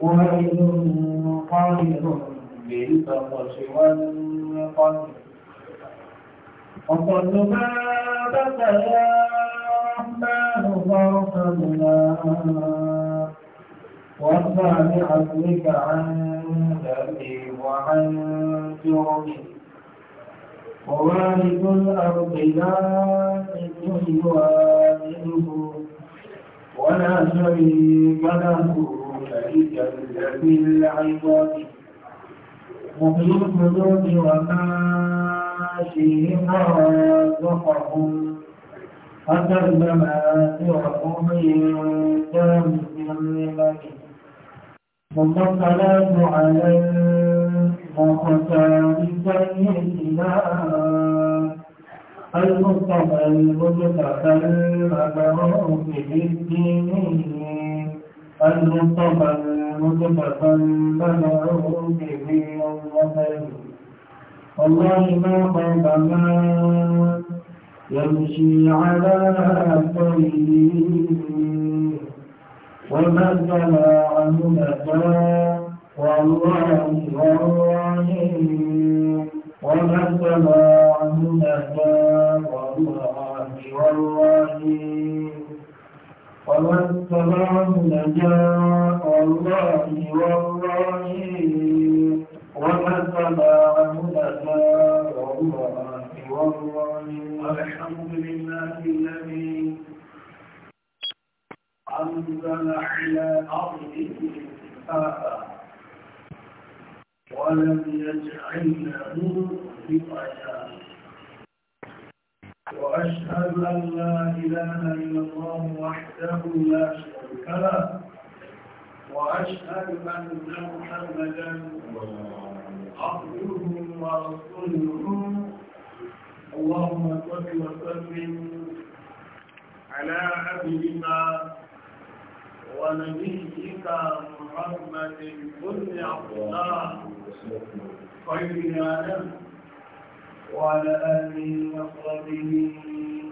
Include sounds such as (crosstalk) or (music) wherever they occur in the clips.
ويل قادر للفرش والقدر وقد ما بقى يا رحمن فارحمنا وارفع بعفوك عن ذنبي وعن جرمي ووارث الارض لا يوالده ولا شريك له شريك الذي العباد مقيم الحدود وماشيهم ورزقهم أتى المماتعهم ينتم بالنعمه ثم الصلاة على المختار سيدنا المصطفى المجتبى المبعوث بالدين المصطفى المجتبى المبعوث بالوطن والله ما خاب ما يمشي على طريقه ومن جمع مدى والله والله وما السماء هناك والله والرحيم وما السماء هناك والله والرحيم وما السماء هناك والله والرحيم الحمد لله الذي أنزل على أرضه الكتاب ولم يجعل له عوجا وأشهد أن لا إله إلا الله وحده لا شريك له وأشهد أن محمدا عبده ورسوله اللهم صل وسلم على عبدنا ونبيك محمد بن عبد الله خير وعلى آله وصحبه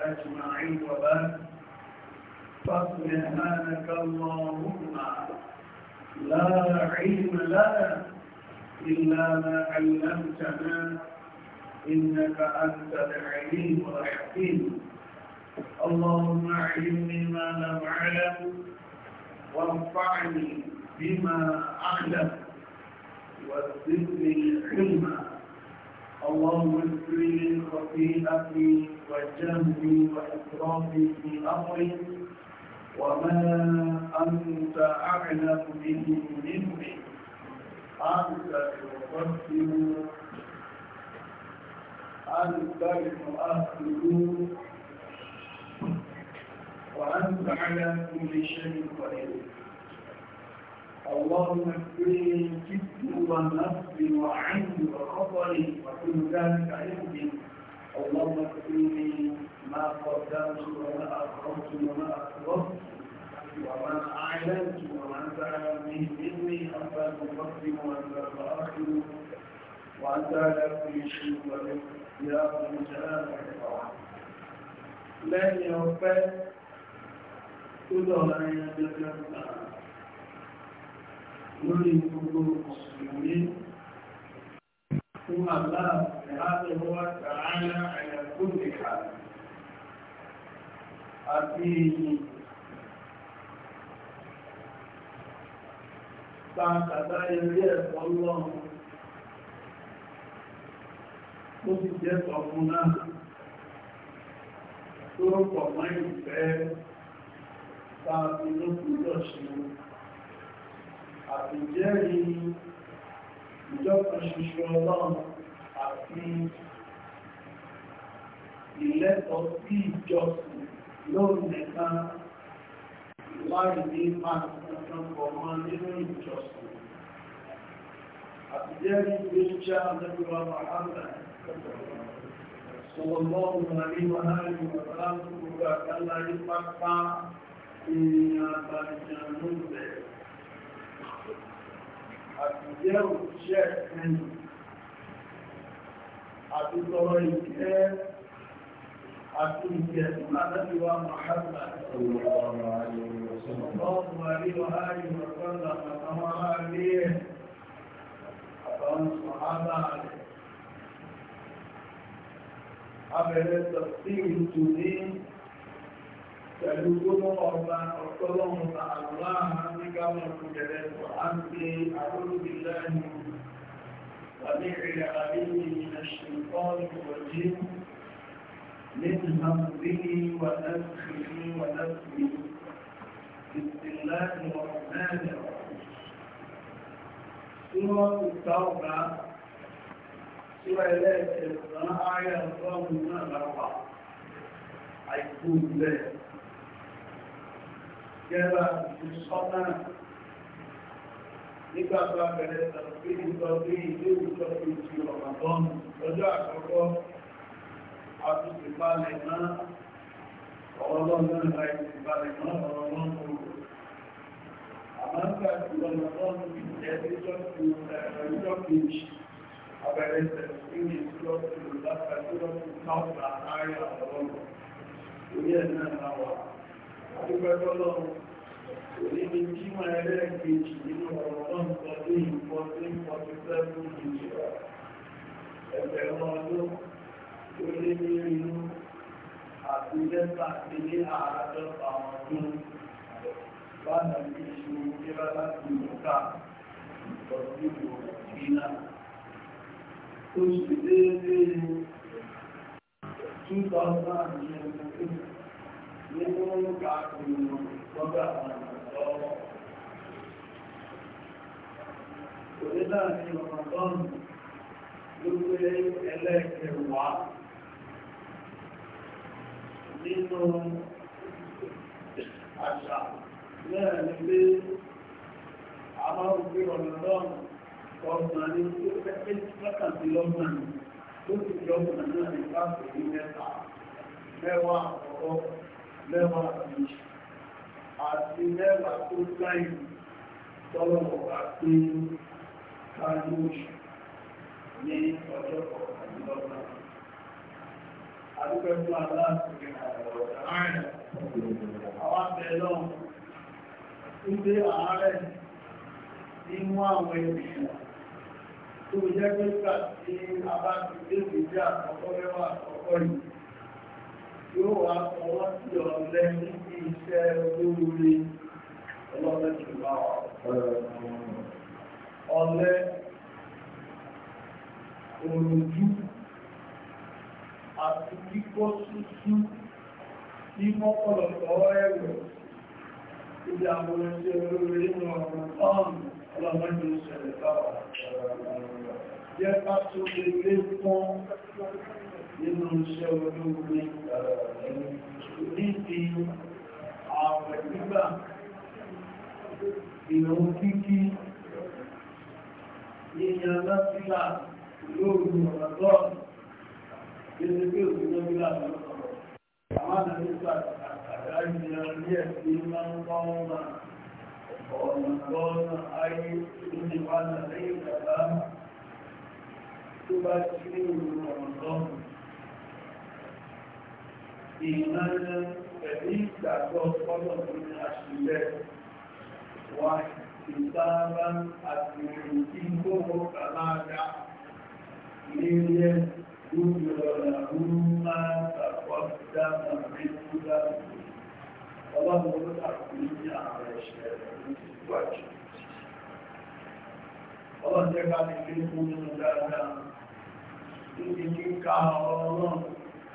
أجمعين وبارك فسبحانك اللهم لا علم لنا إلا ما علمتنا إنك أنت العليم الحكيم اللهم علمني ما لم أعلم وانفعني بما أخلف وزدني علما اللهم اغفر لي خطيئتي وجهلي وإسرافي في أمري وما أنت أعلم به مني أنت تقدم أنت المؤخر وأنت على كل شيء قدير اللهم اكفني جد ونفسي وعندي وخطري وكل ذلك عندي اللهم اكفني ما قدمت وما اخرت وما اسررت وما اعلنت وما زعل به مني حتى المقدم وانت الاخر وانت على كل شيء قدير يا رب الجلال لن يوفق tó dọ̀la ẹ̀yà gbẹ̀gbẹ̀gbà lórí gbogbo mùsùlùmí fún àlá ìhádọ́wọ́ tààlà àyàkóníkà àti èyí tààkàtà ilé náà tó rọ̀pọ̀ mọ́ ìfẹ́ tàbí ló gbọ́dọ̀ ṣe àtìjẹ́rí ìjọkan ṣoṣo ọlọ́run àti ìlẹ́tọ̀ọ́ sí ìjọsìn lórí nìkan láì ní máa kankan pọ̀ mọ́ nínú ìjọsìn àtìjẹ́rí ìgbésíṣẹ́ àdẹ́gbẹ̀wà wàhálà sọ̀rọ̀ lọ́rùn àríwá láì wọ̀n láti gbogbo àgbáláyé pápá ìrìn àbàjá ló bẹ̀rẹ̀. Àtìjẹ́ òṣìṣẹ́ ẹ̀yìn àti tọrọ ìjẹ́ àti ìjẹ́ fún àdájúwà Mọ̀hálà ọ̀rọ̀ ọ̀rọ̀ àríwá àríwá sọ́lá àtàwọn aráàlé ẹ̀ àtàwọn sọ̀hálà rẹ̀. Abẹ̀rẹ̀ tọ̀sí ìtù ní pẹ̀lú gbólóhùn ọba ọ̀tọ́lọ́hùn àlùmáà ní káwọn ìjẹ̀lẹ̀ sọ á ń pè àkólóbi lẹ́nu tàbí ìrìn àbíyí ìṣẹ̀kọ́ ìwọ̀jí nínú àmúbíní wà lẹ́sìkì wà lẹ́sìkì ìsìnlẹ́nu ọ̀rẹ́lẹ̀ tí náà lápá àìkú bẹ́ẹ̀ jẹ́ra ìṣọ́nà nígbà tó abẹ̀rẹ̀ tàbí ìtọ́jú ilé ìwòsàn tó ti ọ̀màdán lọ́jọ́ àkọ́kọ́ àtúntìpalẹ̀ náà ọlọ́run náà ìtìpalẹ̀ náà ọlọ́run àmọ́ńgbà tí ọlọ́run ti jẹ́ ìjọ́kì ìjọ́kì abẹ̀rẹ̀ tàbí ìjọ́kì ìjọ́kì ìjọ́kì adúgbẹ́gbọ́lọ́run èdè jíma ẹlẹ́gbẹ̀ẹ́jì nínú ọ̀rọ̀lọ́n ọdún ìfọ́sín fọ́sísẹ́fún ìjìyà ẹgbẹ̀rún ọdún tó lé ní inú àti lẹ́ta ilé àádọ́ta ọdún bánà ní ìṣú kíra láti mọ́ta ìtọ́sílò ìrìnà tó ṣe déédéé 2022 nínú káàkiri lọ́gbà ọ̀rọ̀ òdídà ní ọ̀rọ̀dọ́n ló pé ẹlẹ́ẹ̀kẹwà nínú àṣà náà ní pé a máa ń gbé ọ̀rọ̀dọ́n ọgbọ̀n ní tó pẹ́pẹ́ lọ́kàndínlọ́gbọ̀n tó lẹ́wà méjì àti lẹ́wà tó láì tọ́lọ̀wọ̀ bá pé káàlù oṣù ní ọjọ́ kọ̀ọ̀kọ̀lọ́gbà. Adúgbẹ́ fún aláàtúgbé àwọn abẹ́lọ́ ilé ààrẹ nínú àwọn ènìyàn tó jẹ́ pé pàtí abájú lè gbèjì àkọ́kọ́ lẹ́wà àkọ́kọ́ yìí yóò wá ọwọ́ sí ọ lẹ́yìn iṣẹ́ olóore ọlọ́mẹ́jùlá ọlẹ́ òrùjú àti kíkọ́ súsú tí mọ́kànlọ́pọ̀ ẹ̀rọ ibi àwọn iṣẹ́ olóore nínú ọ̀rọ̀ ọ̀rọ̀ ọlọ́mẹ́jùlá nínú iṣẹ́ olóògbé níbi ààrẹ gbígbà ìrùn kíkí yíyan lọ́sílà lóòrù ọ̀dọ́ ìrìn pé òṣìṣẹ́ gbígbà lọ́sọ̀rọ̀ àwọn àdàlẹ́gbà àdáyé ní ẹ̀sìn máa ń bá wọn máa ọ̀nà ayé ní wà náà lẹ́yìn ìjàmbá tó bá sí ní ìrùn ìnáyẹ pẹ̀lú ìgbàgbọ́ ọlọ́ ní àṣìlẹ̀ wà ìsáàbá àti ìrìnkí gbogbo kàláàdá ilé lójúlọ́lá rúmá tàbọ́dá màrí kúlá ọlọ́run àkúrí àwọn ẹ̀ṣẹ̀ rẹ̀ síwájú ọlọ́jẹ́ bá ti lé fún dáadáa níbi kíkà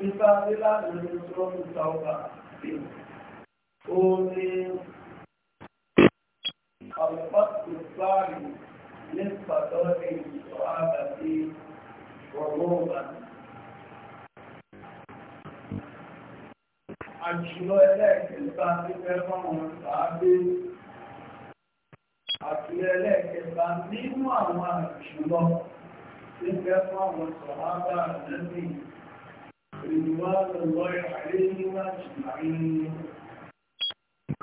nípa nílànà ìṣòro ìtàwọ̀gbà ó ní àwọ̀pọ̀tò sáàrì ní pàtàkì ìṣọ́ àgbàtí rọ̀gbọ̀gbà àjùlọ ẹlẹ́ẹ̀kẹta ti fẹ́ fọ́nà tàbí àti ẹlẹ́ẹ̀kẹta nínú àwọn àjùlọ ti fẹ́ fọ́nà sọ̀rọ̀ àgbà رضوان الله عليهم أجمعين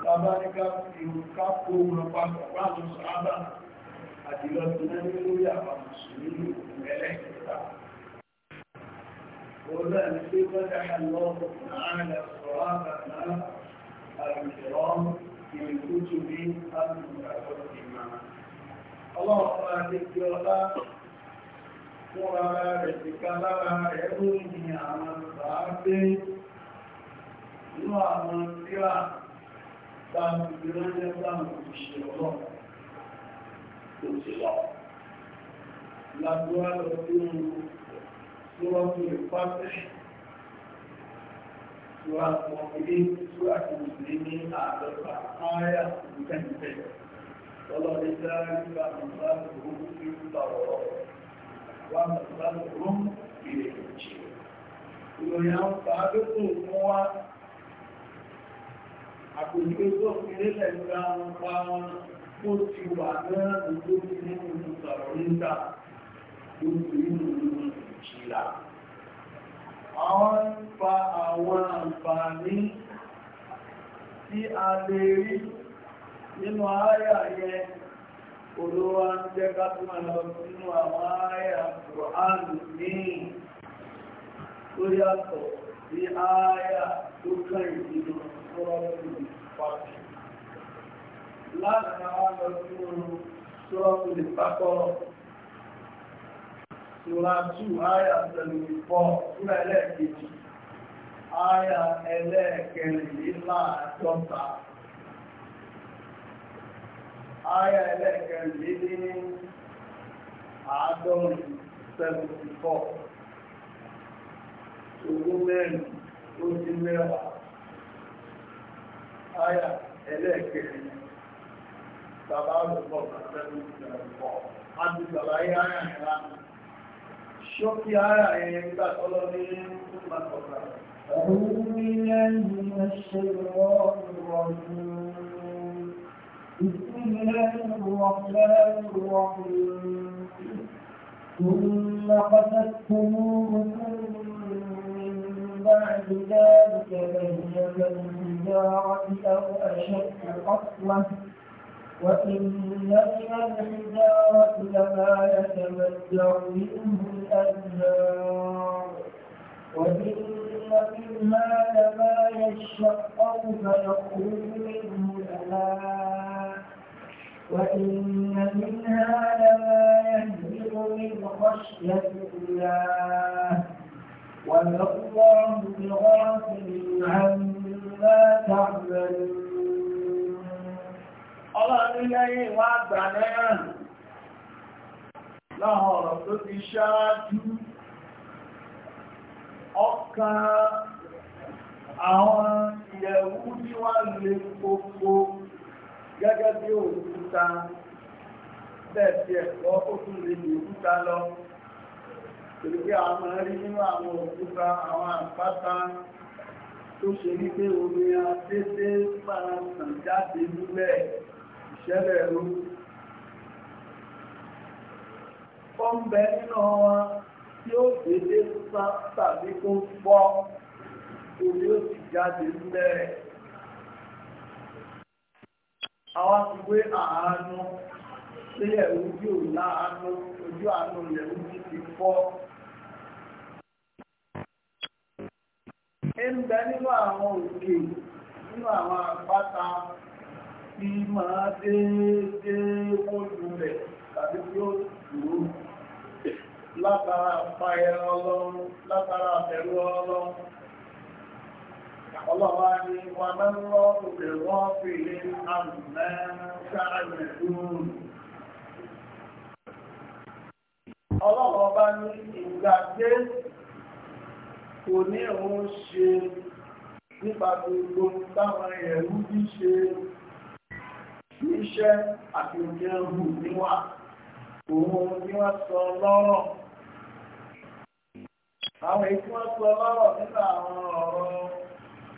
Abáríká ìrùkápò rọpapọ̀ sáábà àti lọ́tún lórí àwọn mùsùlùmí ẹlẹ́kẹta. Ọlá ní pé wọ́n dáhà lọ́wọ́ láàrín àṣọ́rọ̀ àbàná àrùjọ́m ìrìnkútù ní àbùkù àkọ́kì máa. Ọlọ́run fún ara rẹ̀ ti ká lára ẹ̀rù ní àwọn sàábé inú àwọn tíra tàbí ìrìnlẹ̀ láwọn òṣìṣẹ́ ọlọ́ tó ti lọ lágbóhá lọ sí ohun tí wọ́n fi pàtẹ́ Ìwà àwọn ilé tí a kìí sí ní àdọ́ta ààyà ìkẹ́ǹtẹ̀. Ọlọ́dẹ́dá nígbà nígbà tó ń fi ń bàwọ̀ ọ̀rọ̀ wà mọ̀lẹ́gbọ́n ilẹ̀ ìjì ìròyìn àwọn pàápẹ́kùn fún wa àpòjúwé tó fìlẹ̀ lẹ́gbẹ̀ẹ́ àwọn pa wọn tó ti wà náà lójú ti nínú ìsọ̀rọ̀ níta lójú nínú tí a lè rí nínú ààyà yẹn olówó ń jẹ́ ká tó máa lọ sínú àwọn àyà kùránù ní tó yàtọ̀ sí àyà tó kàn ìdínà sọ́rọ̀kùn pàtàkì láti àwọn lọ sínú sọ́rọ̀kùn ìpapọ̀ Sura 2 àyà 74 Sura ẹlẹ́ẹ̀kejì àyà ẹlẹ́ẹ̀kẹrìnléláàádọ́ta ayà ẹlẹ́gẹ̀rẹ́ ní àádọ́rin 74 ogún mẹ́rin ó dín mẹ́wàá ayà ẹlẹ́gẹ̀rẹ́ bàbá olùkọ́ 74 a ti sàlàyé ayà ìlànà ṣókí ayà ẹ̀yẹ nígbà tọ́lọ́ ní ìgbàkọ̀ọ̀kọ̀ أعوذ بالله من الشيطان الرجيم بسم الله الرحمن الرحيم ثم قست قلوبكم من بعد ذلك فهي كالحجارة أو أشد قسوة وإن من الحجارة لما يتمتع منه الأنهار وإن منها لما يشقق فيخرج منه الأنهار وإن منها لما يهبط من خشية الله وما الله بغافل عما تعملون Ọlọ́run lẹ́yìn wá gbà náà láwọn ọ̀rọ̀ tó ti ṣáájú ọkàn àwọn ìyẹ̀wú ní wá lè gbogbo gẹ́gẹ́ bí òkúta bẹ́ẹ̀ tí ẹ̀kọ́ ó tún lè ní òkúta lọ pẹ̀lú pé àwọn máa rí nínú àwọn òkúta àwọn àpáta tó ṣe ní pé omi adédé farasàn jáde nílẹ̀ ìṣẹ̀lẹ̀ ro ó ń bẹ nínú wọn tí ó dédé tàbí kó fọ́ omi ó sì jáde nílẹ̀ àwọn àfiwé àánú sílẹ̀ ojú láàánú ojú àánú ilẹ̀ ojú ti fọ́. ń nínú àwọn òkè nínú àwọn àpáta tí máa déédéé wọ́jú rẹ̀ tàbí tí ó dúró látara àpáyẹ ọlọ́run látara ọlọ́wà ní wọn máa ń lọ òkè wọ́n fi lé àmẹ́ sáàmẹ́dún ọlọ́wọ́ bá ní ìgbàgbé kò ní òun ṣe nípa gbogbo táwọn ẹ̀rú bí ṣe iṣẹ́ àti òkè ẹ̀rù níwà òun ni wọ́n sọ lọ́rọ̀ àwọn èyí tí wọ́n sọ lọ́rọ̀ nípa àwọn ọ̀rọ̀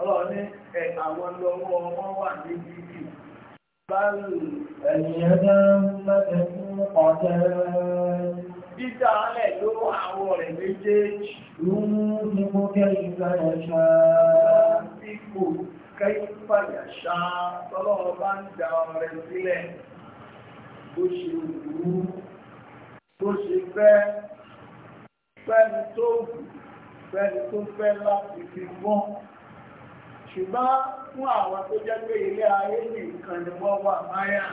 ọlọ́run ní ẹ̀ àwọn lọ́wọ́ wọn wà ní bíbí báyìí ẹ̀yìn ẹ̀dá mẹ́ta fún ọ̀tẹ́ dídá alẹ̀ ló àwọ̀ rẹ̀ méjèèjì lóhun ní mo kẹ́ ìgbà ẹ̀ṣà ipò kẹ́yìnfà yàṣà tọ́lọ́wọ́ bá ń da ọ̀rẹ́ sílẹ̀ fẹ́ni tó fẹ́ láti fi gbọ́n ṣùgbọ́n fún àwọn tó jẹ́ pé ilé ayé ní nǹkan ni wọ́n wà máyà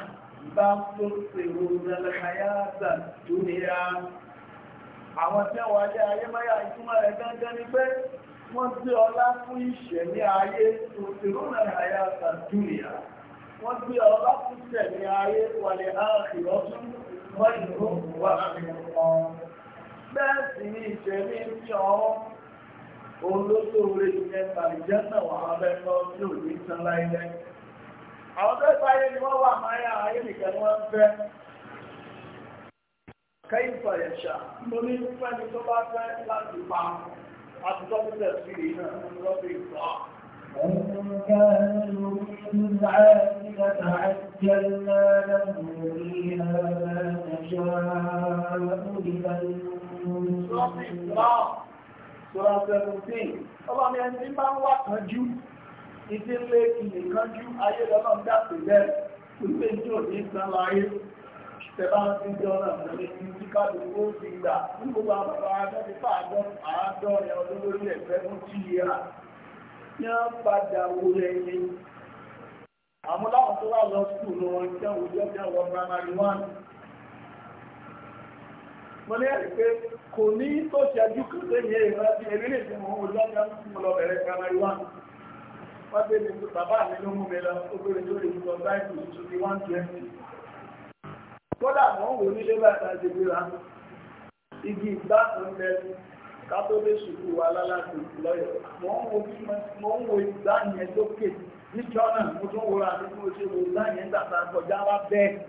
bá tó ṣèrò ìrẹ̀lẹ̀kayáàtà tó nira àwọn tí wọ́n alẹ́ ayé máyà ìtumọ̀ rẹ̀ gángan ni pé wọ́n gbé ọlá fún ìṣẹ̀ ní ayé tó ṣèrò ìrẹ̀lẹ̀kayáàtà tó nira wọ́n gbé ọlá fún ìṣẹ̀ ní ayé wàlẹ̀ ààrẹ̀lọ́tún wọ́n ìlú wà olóṣòwòrè ìjẹta ìjẹta wà abẹ́kọ́ tí ò ní san láìlẹ́. Àwọn tó ẹ̀fà ayé ni wọ́n wà máa yá ayé nìkan ni wọ́n ń fẹ́. Kẹ́yìn fàyẹ̀ṣà, mo ní fẹ́ ni tó bá fẹ́ láti pa àtúntọ́ sílẹ̀ sí ìrìn náà ní lọ́bẹ̀ ìgbà. وإن كان يؤمن العاقبة عجلنا له فيها ما نشاء لمن sọ́rọ̀ seventeen ọlọ́ni ẹni tí bá ń wá kánjú ìdí lé ìlè kánjú ayé lọ́nà ń dàpè bẹ́ẹ̀ pípé jò ní ìsan láyé tẹ̀bá ń fi jọ náà lórí ti ti káàdì owó ti gbà ní gbogbo àwọn bàbá adọ́fífà àádọ́rin ọdún lórí pé kò ní tó ṣẹ́jú kò tó yẹ ìrántí erílẹ̀ ìfẹ́ mọ́ ọjọ́ mú lọ bẹ̀rẹ̀ primary one wọ́n tẹ́ mi bàbá mi ló mú mi lọ ó bẹ̀rẹ̀ lórí ìfọ̀ báyìí tó ti one twenty kódà mọ́ wò nílé bàtà ti gbéra igi ìgbà tó ń bẹ ká tó dé sùkú wa lálàtì lọ́yọ̀ mọ́ ń wo bí mọ́ ń ní jọ́nà mo tún wúra ní mo ṣe wo ìgbà yẹn tàtà kọjá wa bẹ́ẹ̀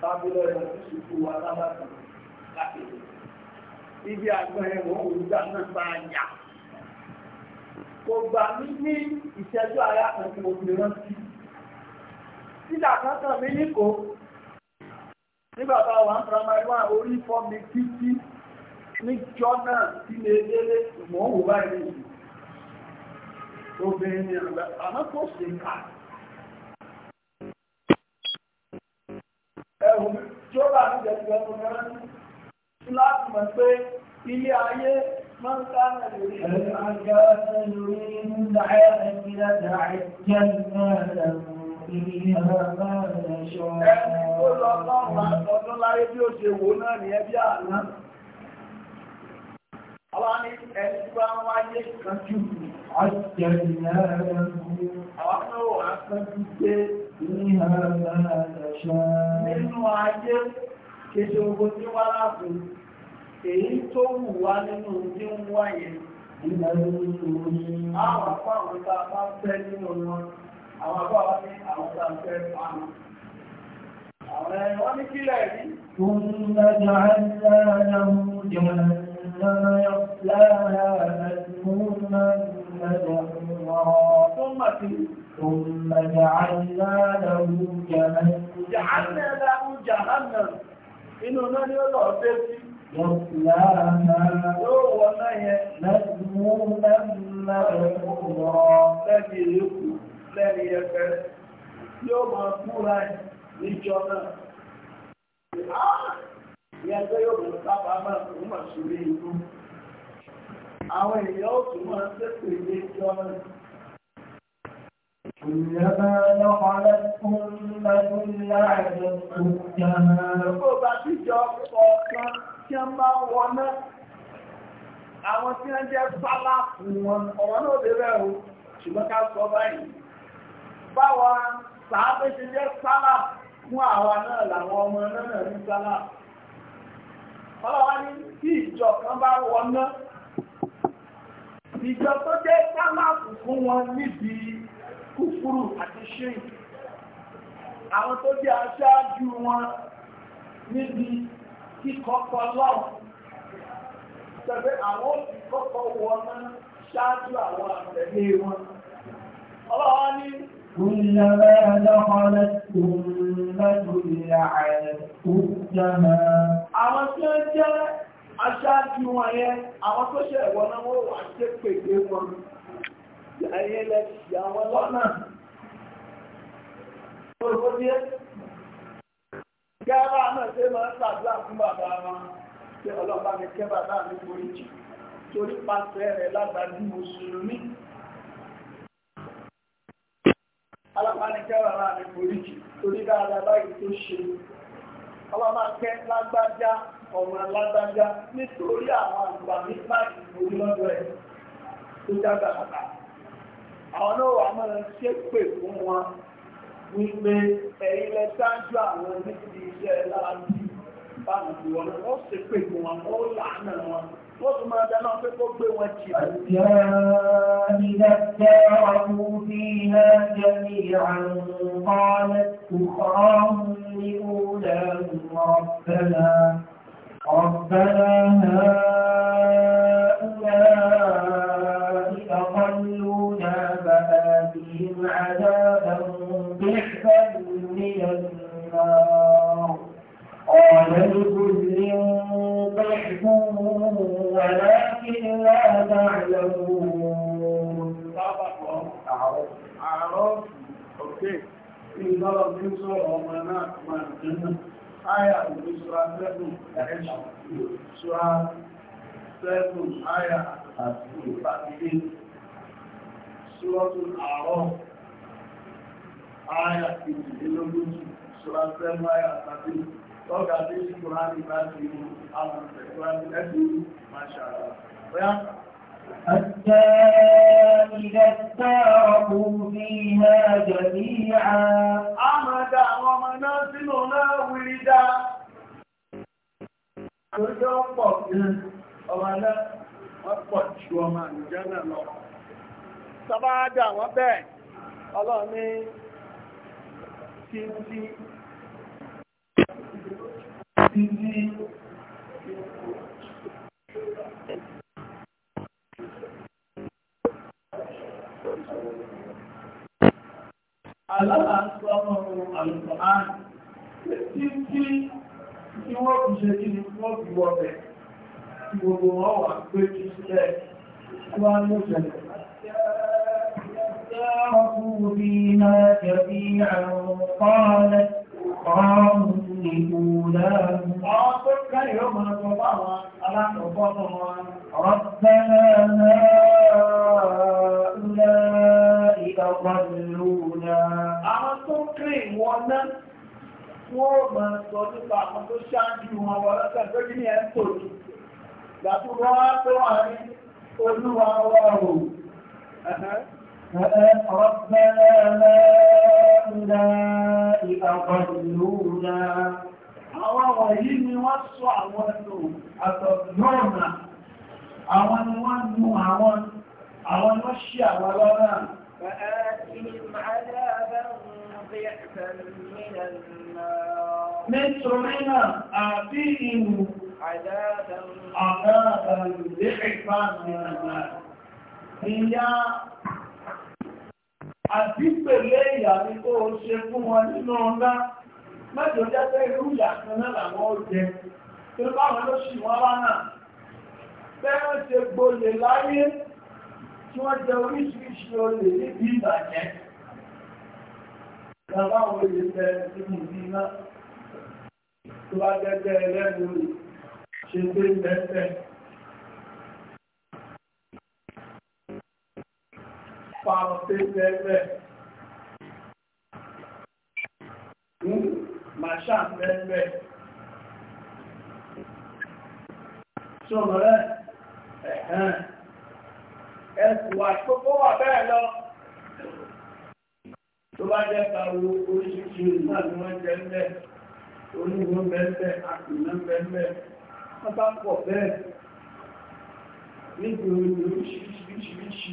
tábìlọ̀ yẹn sùkú wa lálàtì ibi àgbọn ẹ̀wọ̀n òrùgbà náà bá Kò gbà mí ní ìṣẹ́jú àyà kan tí mo fi kankan mi ní kò. Nígbà tá a wà ń primary one orí fọ́ mi títí níjọ́ náà tí wò báyìí nìyí. Obìnrin ni àgbà àmọ́ ṣe tí láti mọ̀ pé ilé ayé máa ń ká nàìjíríà Àwọn ní ẹni tí wọ́n wáyé kan jù ọjọ́ ìrìnàrẹ̀ àwọn náà wà kan jù pé ní àwọn àjọṣọ́ nínú ayé kéṣe ogun tí wá láàfin èyí tó wù wá nínú tí ń wá yẹn àwọn àpá àwọn tá a bá fẹ́ nínú wọn àwọn àpá wa ní àwọn tá a fẹ́ pàánù àwọn ẹ̀rọ ní kílẹ̀ rí. Kúnlá jàǹdà láwọn jàǹdà lára ẹ̀dùnmọ́ ثم ثم جعلنا له جهنم جعلنا له جهنم inú náà ni ó lọ dé sí. Yóò wọ náà yẹn. Lẹ́nu lẹ́nu lọ. Lẹ́nu ìyókù lẹ́nu ẹgbẹ́. Yóò mú sábà máa fún màṣúrí inú. Àwọn èèyàn ó tún náà. Ìjọba lọ́kọ̀ọ́lẹ́ fún ọdún láàrin ìjọba. Ó bá tíjọ ọ̀kan tí a máa wọ́ná, àwọn tí a jẹ́ sálá fún wọn, ọ̀rọ̀ náà lè rẹ̀ o, ṣùgbọ́n ká sọ báyìí. Báwa sàábé ṣe jẹ́ sálá fún àwa náà làwọn ọmọ náà ní sálá. Ọlọ́wọ́ ní tí ìjọ kan bá wọ́ná, ìjọ tó jẹ́ sálá fún wọn níbi kúrù àti ṣe àwọn tó jẹ́ aṣáájú wọn níbi kíkọ́kọ́ lọ́wọ́ tẹ̀lé àwọn òkìkọ́kọ́ wọn ṣáájú àwọn àtẹ̀lé wọn ọlọ́wọ́ ní كلما دخلت أمة لعنت أختها àwọn tí ó jẹ́ aṣáájú wọn yẹn àwọn tó ṣe náà wọ́n wà ṣe pèdé wọn ẹ̀yẹ lẹ́ṣì àwọn lọ́nà Gbogbo díẹ̀. Gẹ́gẹ́ bá náà ṣe máa ń ṣàdúrà fún bàbá wọn pé ọlọ́pàá mi kẹ́ bàbá mi borí jù torí pàṣẹ rẹ̀ lágbàdú mùsùlùmí. Ọlọ́pàá mi kẹ́ bàbá mi borí jù torí dáadáa báyìí tó ṣe. Ọlọ́pàá kẹ́ lágbájá ọmọ lágbájá fún wọn. wípé ẹ̀yìn lẹ ṣáájú àwọn níbi iṣẹ́ láàájú báwọn ti wọ́n lọ sí pé kò wọn ó làánà wọn wọ́n tún máa dáná pé kó gbé wọn jì. Àjá ilẹ̀ tẹ́ ọdún bí iná jẹ́ ní àrùn ọ̀lẹ́ kùkọ́rọ́mù ní òòlẹ̀ ọ̀bẹ̀lá. ربنا هؤلاء عليهم عذابا ضعفا من النار قال لكل ضعف ولكن لا تعلمون عرف اوكي في ضرب الجنة آية آية Suratul A'raf ààyà ìdílógójì ṣúrásẹ́ máyà tàbí lọ́gà tí ṣùgbọ́n láti bá ti mú àwọn ìfẹ̀síwájú ẹ̀sìn máṣàrà. Bóyá حتى إذا استارقوا فيها جميعا أمدا ومنازلنا ولدا Ọjọ́ pọ̀ ọmọ náà, wọ́n náà lọ sábà dà wọ́n bẹ́ẹ̀ ọlọ́run ní títí títí aláàtọ́mọ̀ alùpàá títí tí wọ́n kù ṣe kí ni wọ́n fi wọ́n bẹ̀ tí gbogbo wọn wà pé kí sílẹ̀ tí wọ́n mú ṣẹlẹ̀ فَتَفَارَقُوا فِيهَا جَمِيعًا قَالَتْ أُخْرَاهُمْ لِأُولَاهُمْ رَبَّنَا هَٰؤُلَاءِ أَضَلُّونَا Wọ́n máa sọ nípa àwọn tó ṣáájú wọn wọ́n lọ́sẹ̀ tó ní ẹ̀ ń tòrò. Ìgbàtúrọ́ wá tó wà ní olúwa wọ́rùn-ún. ربنا هؤلاء أضلونا àwọn wọ̀nyí ni wọ́n sọ àwọn ẹnu àtọ̀gbọ́nà àwọn ni wọ́n nu àwọn àwọn ni wọ́n ṣí àwọn lọ́nà nítorí náà àbí ìlú àdáàbà lè ṣe ìfà mìíràn náà àti pèlé ìyà ní kó o ṣe fún wọn nínú ọ̀nà mẹ́jọ jẹ́jẹ́ irú ìyà kan náà làwọn ó jẹ tó báwọn ló ṣì wọ́n wá náà fẹ́ràn ṣe gbolè láyé tí wọ́n jẹ oríṣiríṣi olè níbi ìbàjẹ́ bàbá àwọn olè jẹ nínú iná tó bá jẹ́jẹ́ ẹlẹ́nu ṣe gbé mẹ́fẹ́ fara pé fẹ́fẹ́. Hmm? Màṣá fẹ́fẹ́. Ṣọ́mọ̀rẹ́ ẹ̀hẹ́n. Ẹ̀sùn àkókò wà bẹ́ẹ̀ lọ. Tó bá jẹ́ pàrọ oríṣiríṣi ìgbà ni wọ́n jẹ́ mẹ́. Onígun bẹ́ẹ̀ àkùnà bẹ́ẹ̀. Wọ́n bá pọ̀ bẹ́ẹ̀. Nígboro oríṣiríṣi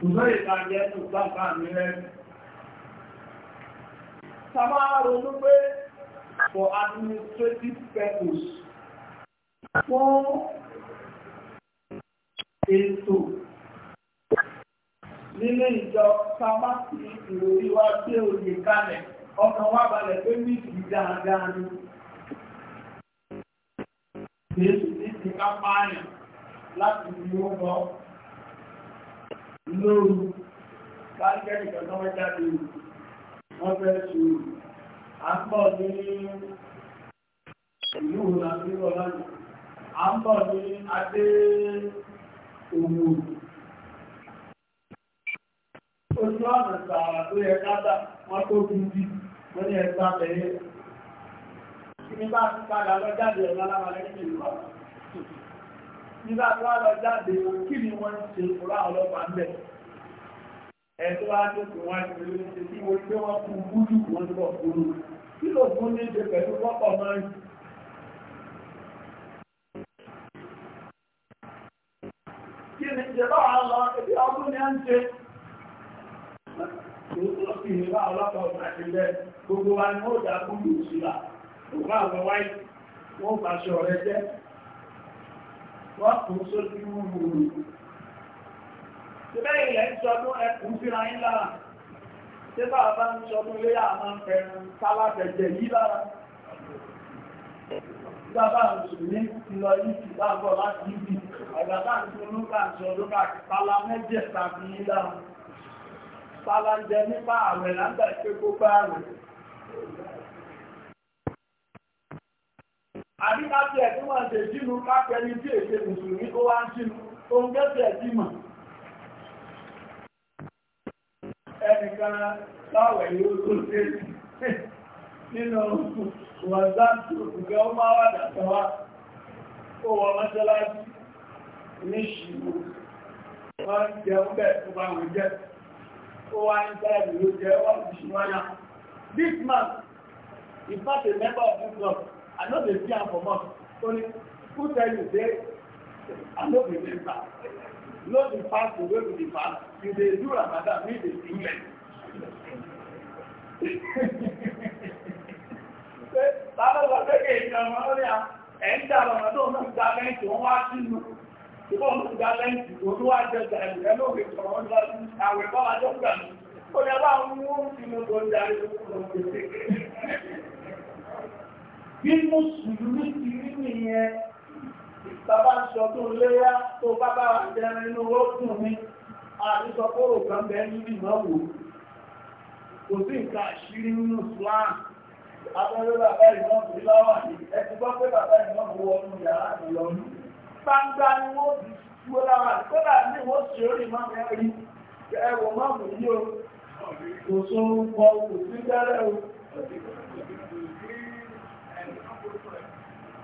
ṣùgbọ́n ìbàjẹ́ tó bàbá mi rẹ̀. Sábà ronú pé for administrative purpose fún ètò nílé ìjọ sábà sí ìròrí wá sí òye kalẹ̀ ọkàn wá balẹ̀ pé ní ìdí dáadáa ni. Jésù ní ti ká pààyàn láti fi ó lóru káàkiri kẹta wọ́n jáde wọ́n fẹ́ sùúrù à ń bọ̀ ní ìlú òun àti ọlọ́nà à ń bọ̀ ní adé òwò ojú ọ̀nà tààrà tó yẹ káàdà wọ́n tó fi di wọ́n ní ẹgbà bẹ̀rẹ̀ kí ni bá ti padà lọ jáde ẹ̀rọ nígbà tó wá lọ jáde kí ni wọ́n ń ṣe ọ̀rọ̀ àwọn ọlọ́pàá ń bẹ̀. ẹ̀tọ́ wá tó kò wá ní ìlú ṣe kí wọ́n gbé wọn kú gúdù wọn bọ̀ kúrò kí ló fún ní ṣe pẹ̀lú pọ́pọ̀ máa ń. kí ni ìjọba àwọn lọ ebi ọdún ni à ń ṣe. lóòótọ́ sì ní bá ọlọ́pàá ọ̀sán ti bẹ́ gbogbo wa ni ó dà kúndùn sí wa. òun àwọn wáyé wọ́n bá ṣe ọ̀rẹ́ jẹ́ wọ́n kò sójú wúwo. Ṣébẹ́ ilẹ̀ ń sọdún ẹkùn síra ń lára. Ṣé bàbá ń sọdún lé àmà ń fẹnu sálábẹ̀jẹ̀ yí lára? Bàbá Mùsùlùmí ti lọ yí ti bá bọ̀ láti ibi. Àgbàbá ń tún lúkà ń sọdún káàkiri pálá mẹ́jẹ̀ta fi yí lára. Pálá ń jẹ nípa àwẹ̀ lágbàá ìpé gbogbo àwẹ̀. àbí káfí ẹ̀tí wọ́n ṣe jínú káfẹ́ ní tí èṣe mùsùlùmí kó wá ń jínú tó ń gẹ́sẹ̀ ẹ̀tí mọ̀ ẹnìkan láwẹ̀ yóò tó ṣe nínú wàzáàtù ìgbẹ́ ó máa wà dàtọ̀ wá ó wọ mọ́ṣáláṣí ní ṣìgbò wọ́n jẹ oúnjẹ tó bá wọ́n ó wá ń I know they fear for months. So, who tell you they? I know they dey fast. No dey fast the way we dey fast. You dey do Ramadan, me dey do men. Sábà wà lókè ìjọba lórí à ẹ̀ ń dà Ramadan náà gba lẹ́ǹtì wọn wá sínú. Ìbá wọn gba lẹ́ǹtì wọn tó wá jẹ jàdù ẹ lóògbé sọ̀rọ̀ wọn lọ sí àwẹ̀ bọ́lá tó gbà mí. Ó lè bá wọn mú sínú tó ń darí lókè bí mùsùlùmí ti rí nìyẹn bàbá ń sọ tó léyá tó bá bá jẹrin inú ó dùn mí àdúsọ kóró kan bẹ níbi ìmọ̀ wò kò sí nǹkan àṣírí nínú Islam abẹ́rẹ́ bàbá ìmọ̀ bí láwà ní ẹ ti gbọ́ pé bàbá ìmọ̀ wọ ọdún yàrá ìlọrin gbangba ni wọ́n ti wo láwà kódà ní wọ́n ṣe orí mọ́ mi rí ẹwọ̀ mọ́ mi yí o kò sórúkọ kò sí bẹ́rẹ̀ o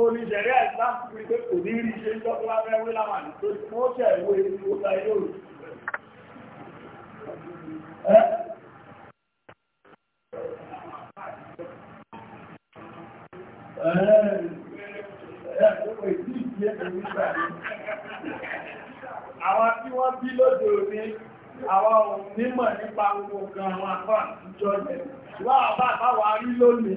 oníṣẹ̀rẹ́ ìsáàmù rí pé kò ní rí ṣe ń tọ́kọ́ lábẹ́ wé láwọn àti tó ṣẹ̀ ìwé ìlú ó ta ilé òrùn Àwọn tí wọ́n bí lóde òní, àwọn onímọ̀ nípa gbogbo nǹkan àwọn àpá àtijọ́ jẹ́. Ṣùgbọ́n àbá àbáwà rí lónìí,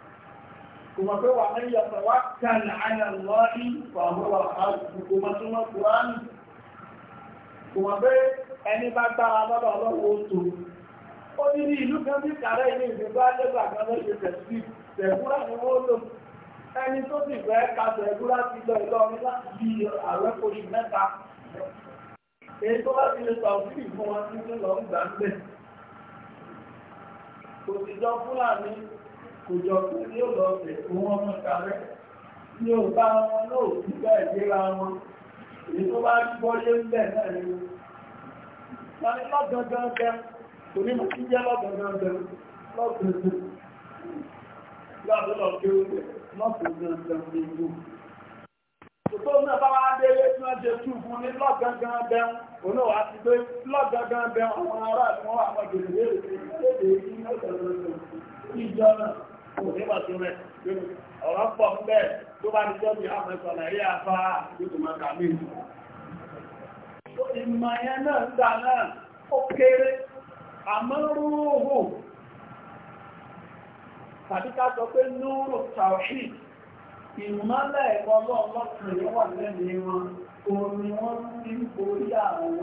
kuma ko wa man yatawakkal ala Allah fa huwa hasbuh kuma tuma Qur'an kuma be ẹni bá gbára lọ́dọ̀ Ọlọ́run ó tó ó ní ní ìlú kan bí kàrẹ́ ilé ìgbé bá lẹ́gbà kan lọ́ ṣe tẹ̀sí tẹ̀kúrà ni wọ́n lò ẹni tó sì fẹ́ ka tẹ̀kúrà ti lọ Ìlọrin láti bí ààrẹ oṣù mẹ́ta èyí tó bá ti lè sọ òfin fún wọn títí lọ ń gbà ń bẹ̀ òṣìṣọ́ Fúlàní àkójọ tó ní ó lọ fẹ̀ fún wọn mọ́ kárẹ́ ní ò bá wọn náà kí bẹ́ẹ̀ gbéra wọn èyí tó bá rí bọ́lé ń bẹ̀ náà ni wọn ni lọ́gbọ̀ngàn bẹ kò ní mọ̀ sí jẹ́ lọ́gbọ̀ngàn bẹ lọ́gbọ̀ngàn lọ́gbọ̀ngàn bẹ lọ́gbọ̀ngàn bẹ tó náà bá wá délé tí wọ́n jẹ tú fún ní lọ́gangan bẹ́ẹ̀ ònà wá ti pé lọ́gangan bẹ́ẹ̀ àwọn ará àti wọ́n wà pàdé kò ní bàtú rẹ̀ ọ̀rọ̀ pọ̀ ń bẹ́ẹ̀ tó bá ní jọ́bi àmẹ́sọ̀lá yé afá yóò máa kà mí. ìmọ̀ yẹn náà ń dà náà ó kéré àmọ́ rúhù tàbí ká sọ pé núrù tàwí ìmọ́lẹ̀ ìwọlọ́ ọlọ́kùnrin wà lẹ́nu wọn omi wọn ti ń borí àwọn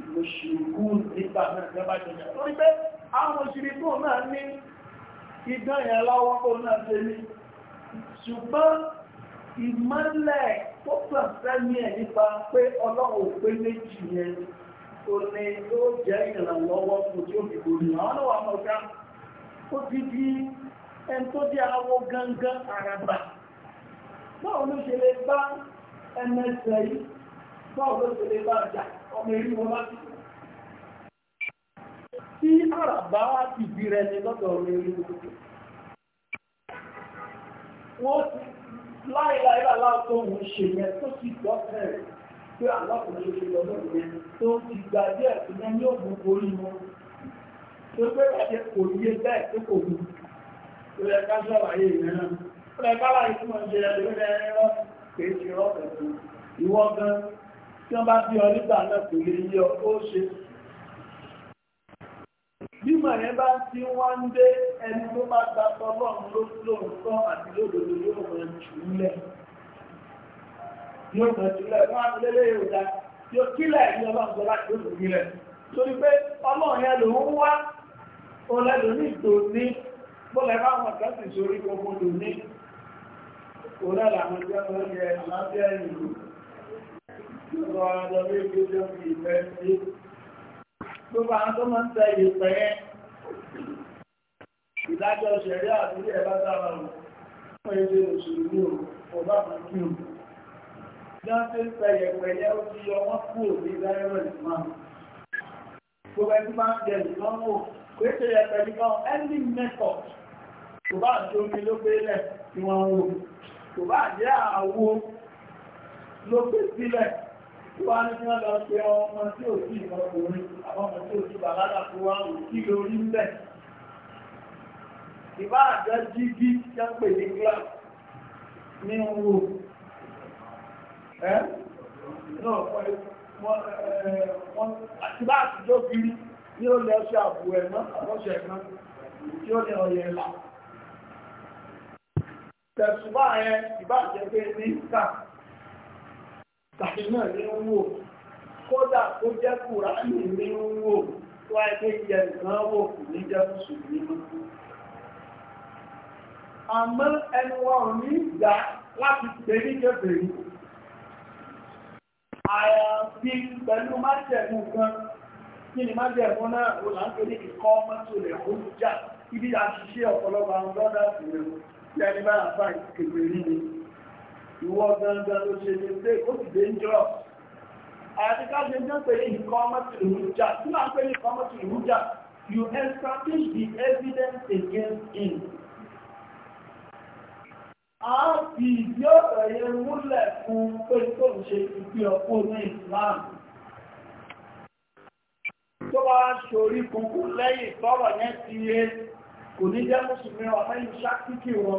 ìlòṣìlú nígbà náà lọ́bàjọ́jà torí pé àwọn òṣìlú náà ní idán yẹn láwọ́ kó náà ṣe ní ṣùgbọ́n ìmọ́lẹ̀ tó kàn sẹ́mi ẹ̀ nípa pé ọlọ́run ò pé méjì yẹn tó ní ó jẹ́ ìrànlọ́wọ́ fún tí ó fi gòrì àwọn náà wà mọ̀ká ó ti di ẹni tó jẹ́ awọ gangan àràbà báwo ló ṣe lè bá ẹmẹsẹ̀ yìí báwo ló ṣe lè bá jà ọmọ èrí wọn bá ti tí àràbá ti bí rẹ ní lọ́dọ̀ rere wọ́n láìláìlá láàtọ̀ òun ṣe yẹn tó ti gbọ́kẹ̀ rẹ̀ pé alákòóso ṣe lọ́dọ̀ rẹ̀ tó ti gba díẹ̀ tó yẹn yóò mú orí wọn pé kò yé bẹ́ẹ̀ tó kò mú yẹ ká náà ó lẹ bá tí wọ́n ṣe ẹ̀rọ ẹ̀rọ kìí ṣe tó ìwọ mímọ̀ yẹn bá ti wá ń dé ẹni tó bá gba tọ́lọ́run ló lóòótọ́ àti lódodo yóò mọ̀ jùlẹ̀ yóò mọ̀ jùlẹ̀ fún àtúlélẹ̀ yóò dá yóò kílẹ̀ ní ọlọ́run tó láti yóò kílẹ̀ torí pé ọlọ́run yẹn ló ń wá olẹ́dọ̀ ní ìtòní bọ́lẹ̀ bá wọn kan sì sórí gbogbo lóní òun làwọn jẹ́ wọn yẹ àlàáfíà ìlú ọ̀rọ̀ àdàbí ìgbésẹ̀ ìfẹ́ sí tó bá ń tó máa ń tẹ ìpẹ́ yẹn ìdájọ́ ṣẹ̀rí àdúrí ẹ̀ bá dára rò fún ẹgbẹ́ òṣèlú ò bá máa kí o bí wọ́n ti ń tẹ ìpẹ́ yẹn ó ti yọ wọ́n kú òní dáírọ̀ ìmọ̀ gbogbo ẹni máa ń jẹ ìlọ́wọ́ pé ṣe ẹ̀pẹ̀ nìkan ẹni mẹ́kọ̀ kò bá àjọ omi ló gbé lẹ̀ tí wọ́n ń wò kò bá àjẹ́ àwo ló gbé sílẹ̀ tó wá ní kí wọ́n lọ pé ọmọ tí ò sí ọkùnrin àwọn ọmọ tí ò sí bàlágà tó wá ò sí lórí ń bẹ̀. ìbá àjọ jíjí jẹ́ pè ní glass ní wo ẹ́ náà wọ́n àtibá àtijọ́ kiri ní ó lọ ṣe àbò ẹ̀mọ́ àbọ́ṣẹ̀ ẹ̀mọ́ tí ó ní ọyẹ là. tẹ̀sùbá yẹn ìbá àjẹ́gbé ní sáà tàbí náà ní ń wò kódà tó jẹ́ kùránì ní ń wò tó ẹgbẹ́ yẹ nǹkan wò kù ní jẹ́ mùsùlùmí mọ́. àmọ́ ẹnu wa ò ní ìgbà láti pè ní kébèrè àyàfi pẹ̀lú májẹ̀mú kan kí ni májẹ̀mú náà ó là ń pè ní ìkọ́ mọ́tò rẹ̀ ó jà ibi àṣìṣe ọ̀pọ̀lọpọ̀ àwọn bọ́dà sí rẹ̀ yẹni ni ìwọ gangan ló ṣe lè pé ó sì dé ń jọ àti káṣe jẹ́ pé nǹkan ọmọtìrì hújà tí máa ń pè nǹkan ọmọtìrì you establish the evidence against him a fi ìdí ọ̀rọ̀ yẹn múlẹ̀ fún pé tó ń ṣe ìgbé ọkọ̀ ní Islam tó bá ṣorí kúnkún lẹ́yìn tọ́rọ̀ yẹn ti yé kò ní jẹ́ mùsùlùmí ọ̀fẹ́ ìṣàkíkì rọ̀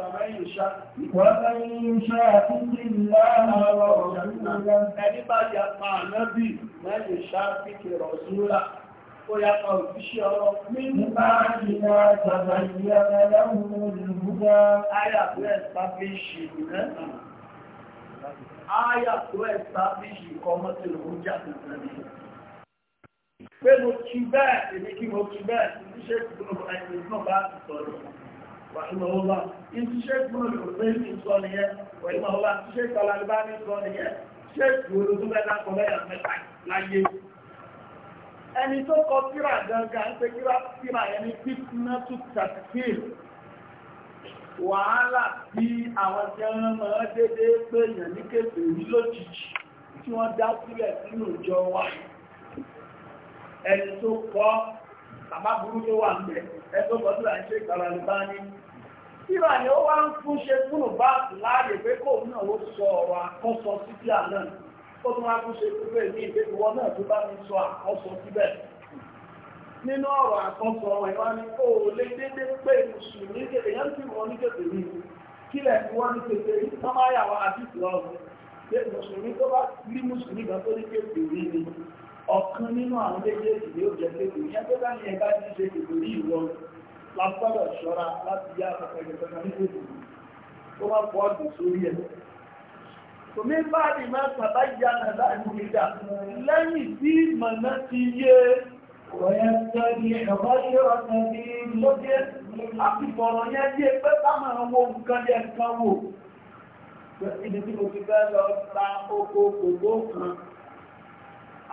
ومن شاكك الله ورسوله ẹni bá yapa ànábì mẹ́lì ṣáàkìkì rọ̀súlá ó yapa òfíṣẹ́ ọ̀rọ̀ nígbà ìlà bàbá ìyá ẹlẹ́wọ̀n olùgbúgbà áyà tó ẹ̀stábíṣì rẹ̀ áyà tó ẹ̀stábíṣì kọmọ́tì lòújà tuntun pé mo kí bẹ́ẹ̀ èmi kí mo kí bẹ́ẹ̀ ṣe ìgbónà ẹ̀yìn náà bá ti sọ̀rọ̀ wàhímọ̀wọ́lá ìtí ṣéèkì mọ́ lòrùn ìsọ nìyẹn wàhímọ̀wọ́lá tí ṣéèkì alàlùbá ní ìsọ nìyẹn ṣéèkì oró tó mẹ́ta kọ lẹ́yà mẹ́ta láyé ẹni tó kọ kíra gangan ń pè kíra kíra ẹni fitna to takfir wàhálà bí àwọn tí wọ́n máa dédé pé èèyàn ní kéfèé ní lójijì tí wọ́n dá sílẹ̀ sínú ìjọ wa ẹni tó kọ́ bàbá burú ló wà ń bẹ ẹgbẹ́ bọ́dúrà ṣe ìkàrà ló bá ní. síra ni ó wá ń fún ṣe fúnù bá láàyè pé kò náà ó sọ ọ̀rọ̀ àkọ́sọ títí àná ó tún wá fún ṣe fúnù èmi ìgbé ìwọ náà tó bá mi sọ àkọ́sọ síbẹ̀. nínú ọ̀rọ̀ àkọ́sọ ẹ̀ wá ní kó o lè dédé pé mùsùlùmí èèyàn ti wọ́n ní kéde mi kílẹ̀ tí wọ́n ní kéde yìí tán máa yà wá àdìsí ọ̀rọ̀ pé mùsùlùmí tó bá rí mùsùlùmí gan tó ní kéde yìí ni ọ̀kan nínú àwọn méjèèjì ni ó jẹ́ pépè ìyẹn tó bá ní ẹ̀bá ní ṣe pèpè ní ìwọ lápọ̀lọ̀ ṣọ́ra láti yá àpapẹ̀gbẹ̀kan ní gbogbo tó wá pọ̀ ọdún sórí ẹ̀ tòmí bá ní máa sàbá yá nàlá ìmúlẹ̀dà lẹ́yìn tí mọ̀nà ti yé ọ̀yẹ́ tẹ́lì ẹ̀rọ yóò tẹ́lì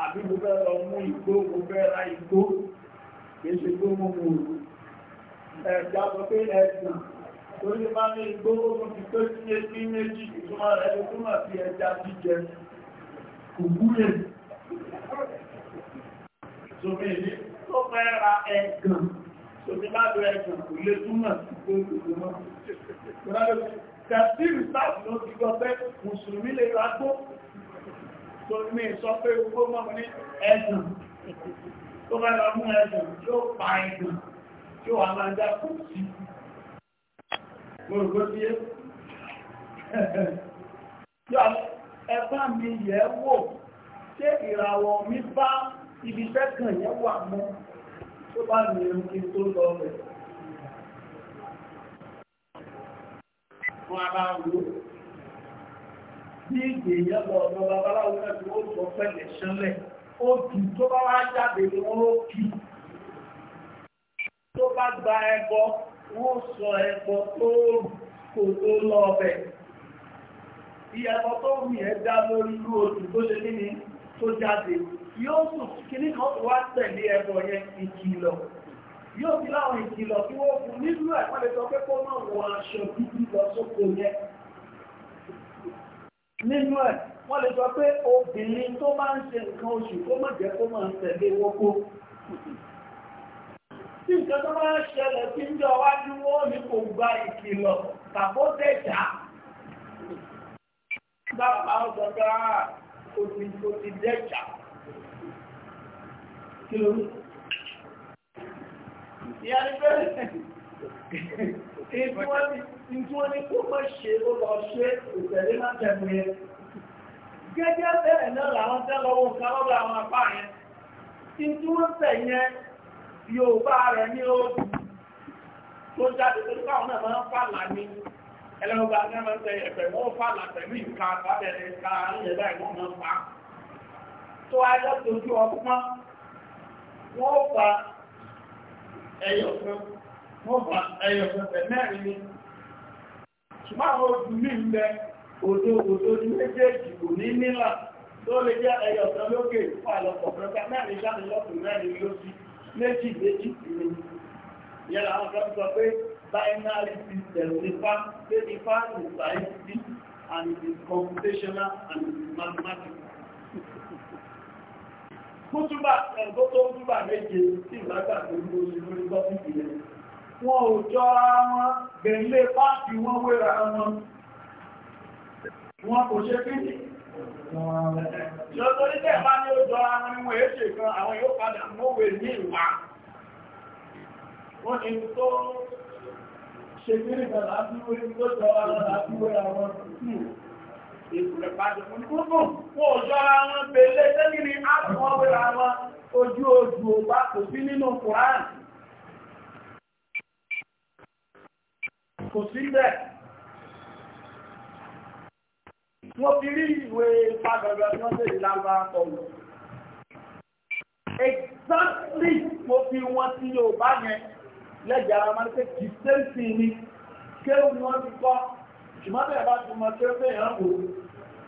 àbí mo fẹ́ lọ mú igbó mo fẹ́ ra igbó kìí ṣe gbó mú mú ẹ̀dá sọ pé ẹ̀sùn tó lè máa ní igbó ó ti tó sí etí méjì ìtumọ̀ rẹ̀ ló túmọ̀ sí ẹja jíjẹ kò gúlè sómi ìdí tó fẹ́ ra ẹ̀gàn sómi bá lo ẹ̀gàn kò lè túmọ̀ sí gbó mú mú Tẹ̀sí ìrìsáàtì ló ti gbọ́ pé Mùsùlùmí lè ra gbó mi sọ pé gbogbo mọ́ ní ẹ̀sùn tó bá lọ mú ẹ̀sùn tí ó pa ẹ̀sùn tí ó wà máa dá kù sí gbogbo tí é yọ ẹ̀bá mi yẹ̀ wò ṣé ìràwọ̀ mi bá ibi sẹ́kàn yẹn wà mọ́ tó bá ní ẹ̀rùn tó lọ rẹ̀ wọ́n a bí èèyàn lọ ọ̀dọ̀ babaláwo náà tí ó sọ pẹ̀lẹ̀ ṣánlẹ̀ ó dùn tó bá wá jáde ni wọ́n ó kì tó bá gba ẹbọ wọ́n sọ ẹbọ tó kò tó lọ ọbẹ̀ ìyàbọ̀ tó wù yẹn dá lórí irú oṣù tó ṣe nínú tó jáde yóò sùn kíní kan tó wá tẹ̀lé ẹbọ yẹn ìkìlọ̀ yóò fi láwọn ìkìlọ̀ tí wọ́n fún nínú ẹ̀pẹ́lẹ̀ sọ pé kó náà wọ aṣọ títí lọ sóko yẹn nínú ẹ̀ wọ́n lè sọ pé obìnrin tó máa ń ṣe nǹkan oṣù kó má jẹ́ kó máa tẹ̀lé wọ́pó tí nǹkan tó máa ń ṣẹlẹ̀ tí ń jọ wájú wọ́n ní kò gba ìkìlọ̀ tàbó tẹ̀já dábàá ó sọ pé ah o ti o ti dẹ̀já kí ló ń ìyá ni pé (laughs) ìfúnwọ́n ti tí wọ́n kó mọ́ ṣe lọ ṣe ìtẹ̀lé má tẹ̀mù yẹn gẹ́gẹ́ bẹ́ẹ̀ náà làwọn tẹ́ lọ́wọ́ nǹkan lọ́wọ́ àwọn apá yẹn tí wọ́n tẹ̀ yẹn Yorùbá rẹ̀ ní ó tó jáde tó káwọn náà máa ń fàlà ní ẹlẹ́wọ̀gbà ní ọmọ tẹ ẹ̀fẹ̀ wọ́n fàlà pẹ̀lú ìka àbábẹ̀rẹ̀ ìka ilẹ̀ báyìí wọ́n máa fà tó ayọ́ tójú ọpọ́n wọ́n fa ẹyọ̀ fún wọ́n fa ẹyọ̀ fún ṣùgbọ́n àwọn oṣù ní ilẹ̀ òdo òdo ní méjèèjì kò ní nílà tó lè jẹ́ ẹyọ ọ̀sán lókè fún àlọ́pọ̀ pẹ́pẹ́ mẹ́rin láti lọ́kùn mẹ́rin lóṣù méjì méjì ìlú yẹn làwọn kan sọ pé binary system ní fa pé ní fa ní scientific and it is computational and Kútúbà ẹ̀gbọ́ tó ń túbà méje sí ìgbàgbà tó ń gbóṣe lórí gọ́ọ̀sì ìlẹ̀. Wọ́n ò jọra wọn gẹ̀lẹ́ pàtí wọ́n wéra wọn wọn kò ṣe pí ní ṣọ́tọ́ nígbẹ̀ bá ní ó jọ àwọn ìwọ̀n èṣe kan àwọn yóò padà mọ́wé ní ìwà wọ́n ni tó ṣe kéré kan lábúwé tó jọ àwọn lábúwé àwọn ìpùlẹ̀ pàtí fún gbogbo wọ́n jọ àwọn pèlè tẹ́gì ní àpọ̀wé àwọn ojú ojú ọgbà kò sí nínú Kùránì kò sí bẹ́ẹ̀ wọ́n fi rí ìwé pàgọ́gọ́ tí wọ́n tẹ̀lé lágbà ọ̀lọ́ exactly mo fi wọ́n sí Yorùbá yẹn lẹ́jẹ̀ ara máa ń pẹ́ kì í sẹ́ǹsì ni kéwù ni wọ́n ti kọ́ ṣùgbọ́n bẹ́ẹ̀ bá ti mọ kéwù bẹ́ẹ̀ hàn wò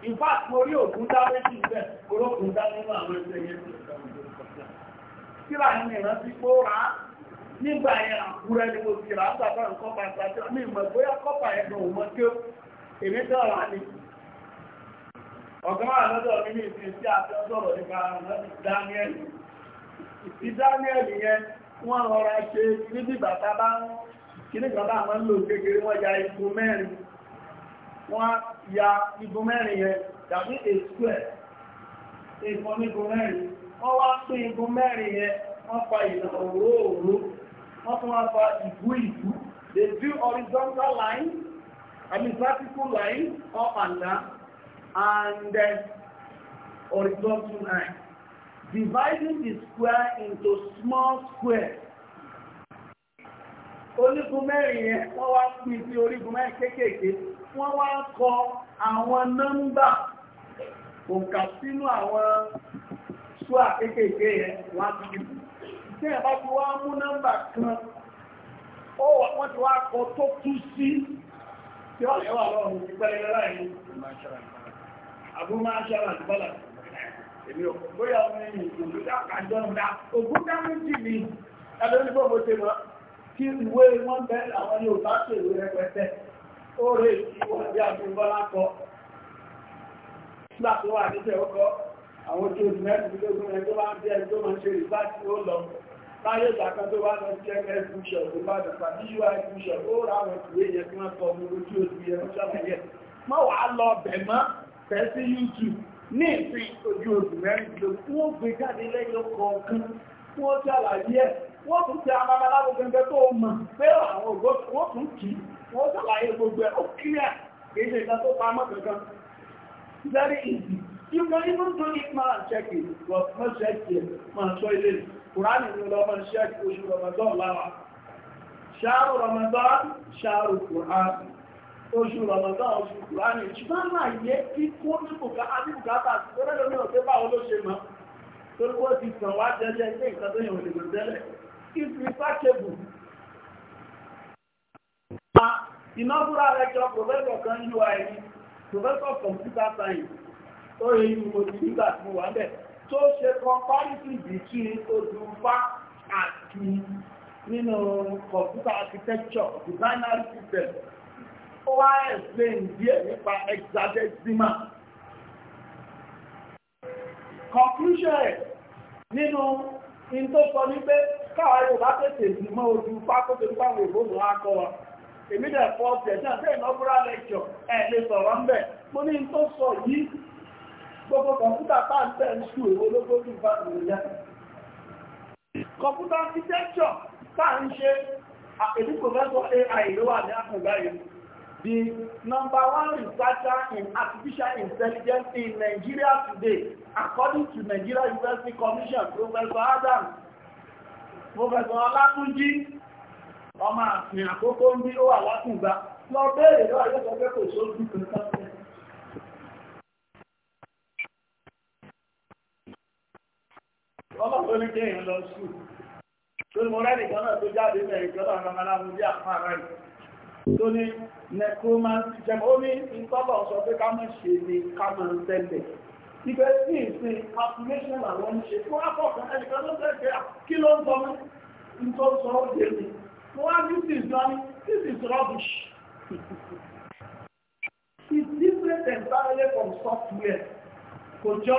in fact mo rí òkun dá méjì bẹ́ẹ̀ orókun dá nínú àwọn ẹgbẹ́ yẹn kíra ó rà nígbà yẹn àkúrẹ́ ni mo ti rà bàbá nǹkan pàtàkì àti àmì ìmọ̀ bóyá kọ́pà ẹ̀dùn òun mọ́ kí ó èmi dọ̀rọ̀ á ní. ọ̀gá wà mi ní ìsìn sí àti nípa Daniel ti Daniel yẹn wọ́n rọra ṣe níbi bàbá bá ń kíní ń lò kékeré wọ́n ya ya mẹ́rin yẹn tàbí a square ìfọ̀n mẹ́rin wọ́n wá pín igun mẹ́rin yẹn wọ́n tún wá fa ìbú ìbú they drew horizontal lines, I mean vertical lines, up and down and then horizontal line dividing the square into small squares orígun mẹ́rin yẹn wọ́n wá pín sí orígun mẹ́rin kéékèèké wọ́n wá kọ àwọn nọ́mbà òǹkà sínú àwọn ṣúà kéékèèké yẹn wọ́n pín sí tí ẹ̀ bá ti wá mú nọ́mbà kan ó wọ́n ti wá kọ tó tú sí tí ó lẹ́wà lọ́rùn ti pẹ́lẹ́ lọ́la yìí abúmáṣára ti bọ́lá èmi ò bóyá ọmọ ẹ̀yìn ògúndà àjọ́ǹda ògúndà méjì ni ẹgbẹ́ onígbò mo ṣe mọ́ kí ìwé wọn bẹ́ àwọn ní òbá ṣe ìwé rẹpẹtẹ ó rè kí wọ́n bí abúmbọ́lá kọ nígbà tó wà níbẹ̀ ó kọ àwọn ojú ojú mẹ́rin tó gbọ́n ẹjọ́ bá ń bí ẹjọ́ máa ń ṣe ìbá tí ó lọ láyé ìgbàkan tó wá lọ sí ms bishop tó bá dọ̀pá bí ui bishop ó ra àwọn ìwé yẹn tí wọ́n sọ ọmọ ojú oṣù yẹn wọ́n ṣàlàyé mọ́ wàá lọ bẹ̀ mọ́ fẹ́ sí youtube ní ìsìn ojú oṣù mẹ́rin ló fún ó gbé jáde lẹ́yìn kọ̀ọ̀kan fún ó ṣàlàyé ẹ̀ wọ́n tún ti amama lábọ̀ gẹ́gẹ́ tó mọ̀ pé àwọn ògbó tún kì í wọ́n ṣàlàyé gbogbo ẹ̀ ó clear kì ṣe ìta tó pamọ́ kankan very easy you can even do it man check it but no check it man sọ ilé rẹ̀ kùránì ní ọlọ́mọ iṣẹ́ oṣù ramadan láwà ṣáàrù ramadan ṣáàrù kùránì oṣù ramadan oṣù kùránì ṣùgbọ́n láyé kí kó ní bùkátà sí tó rẹ̀ lómi ọ̀tẹ́ báwo ló ṣe mọ́ torí wọ́n ti tàn wá jẹ́jẹ́ ilé ìkan tó yàn ò lè lò tẹ́lẹ̀ kí fi sákèbù ma ìnáwúrà rẹ̀ jọ pòfẹ́sọ̀ kan UI pòfẹ́sọ̀ computer science tó yẹ yìí mo ti nígbà tí mo wà bẹ́ẹ̀ tó ṣe comparison between odùnfà àti nínú computer architecture binary system ó wá explain díẹ̀ nípa hexadecimal conclusion ẹ̀ nínú in tó sọ ní pé káwa yóò bá tètè mọ odùnfà kó tó ń bá àwọn ìbòmù wa kọ́ wa èmi dẹ̀ fọ́ ọ̀sẹ̀ náà bẹ́ẹ̀ inaugural lecture ẹ̀ lè sọ̀rọ̀ ń bẹ̀ mo ní tó sọ yìí gbogbo kọ̀mpútà pàǹtẹ̀ ń ṣù èwo lógójì bá nìyà kọ̀mpútà architecture táà ń ṣe èdè professor AI ló wà ní àkùngbà yìí the number one researcher in artificial intelligence in Nigeria today according to Nigeria University Commission Professor Adam Professor Olatunji ọmọ àfihàn àkókò ń bí ó wà lákùngbà lọ bẹ́ẹ̀ lọ́wọ́ yóò sọ pé kò sóògùn kankan ọlọ́pọ̀ ní kí èèyàn lọ sùn tó ní mo rẹ́ nìkan náà tó jáde mẹ́rin ìjọ náà ọmọ aláwọ̀ ní àpá ara rẹ̀ tó ní necromancy jẹmọ́ ó ní ìtọ́bọ̀ sọ pé ká mọ̀ ṣe ní ká mọ̀ ń tẹ́lẹ̀ ibẹ̀ sí ìsìn calculation làwọn ń ṣe fún àpọ̀kan ẹnìkan ló fẹ́ fẹ́ kí ló ń sọ mí ń tó sọ ó dé mi mo wá ní sí ìjọ ní this is rubbish it's different entirely from software kò jọ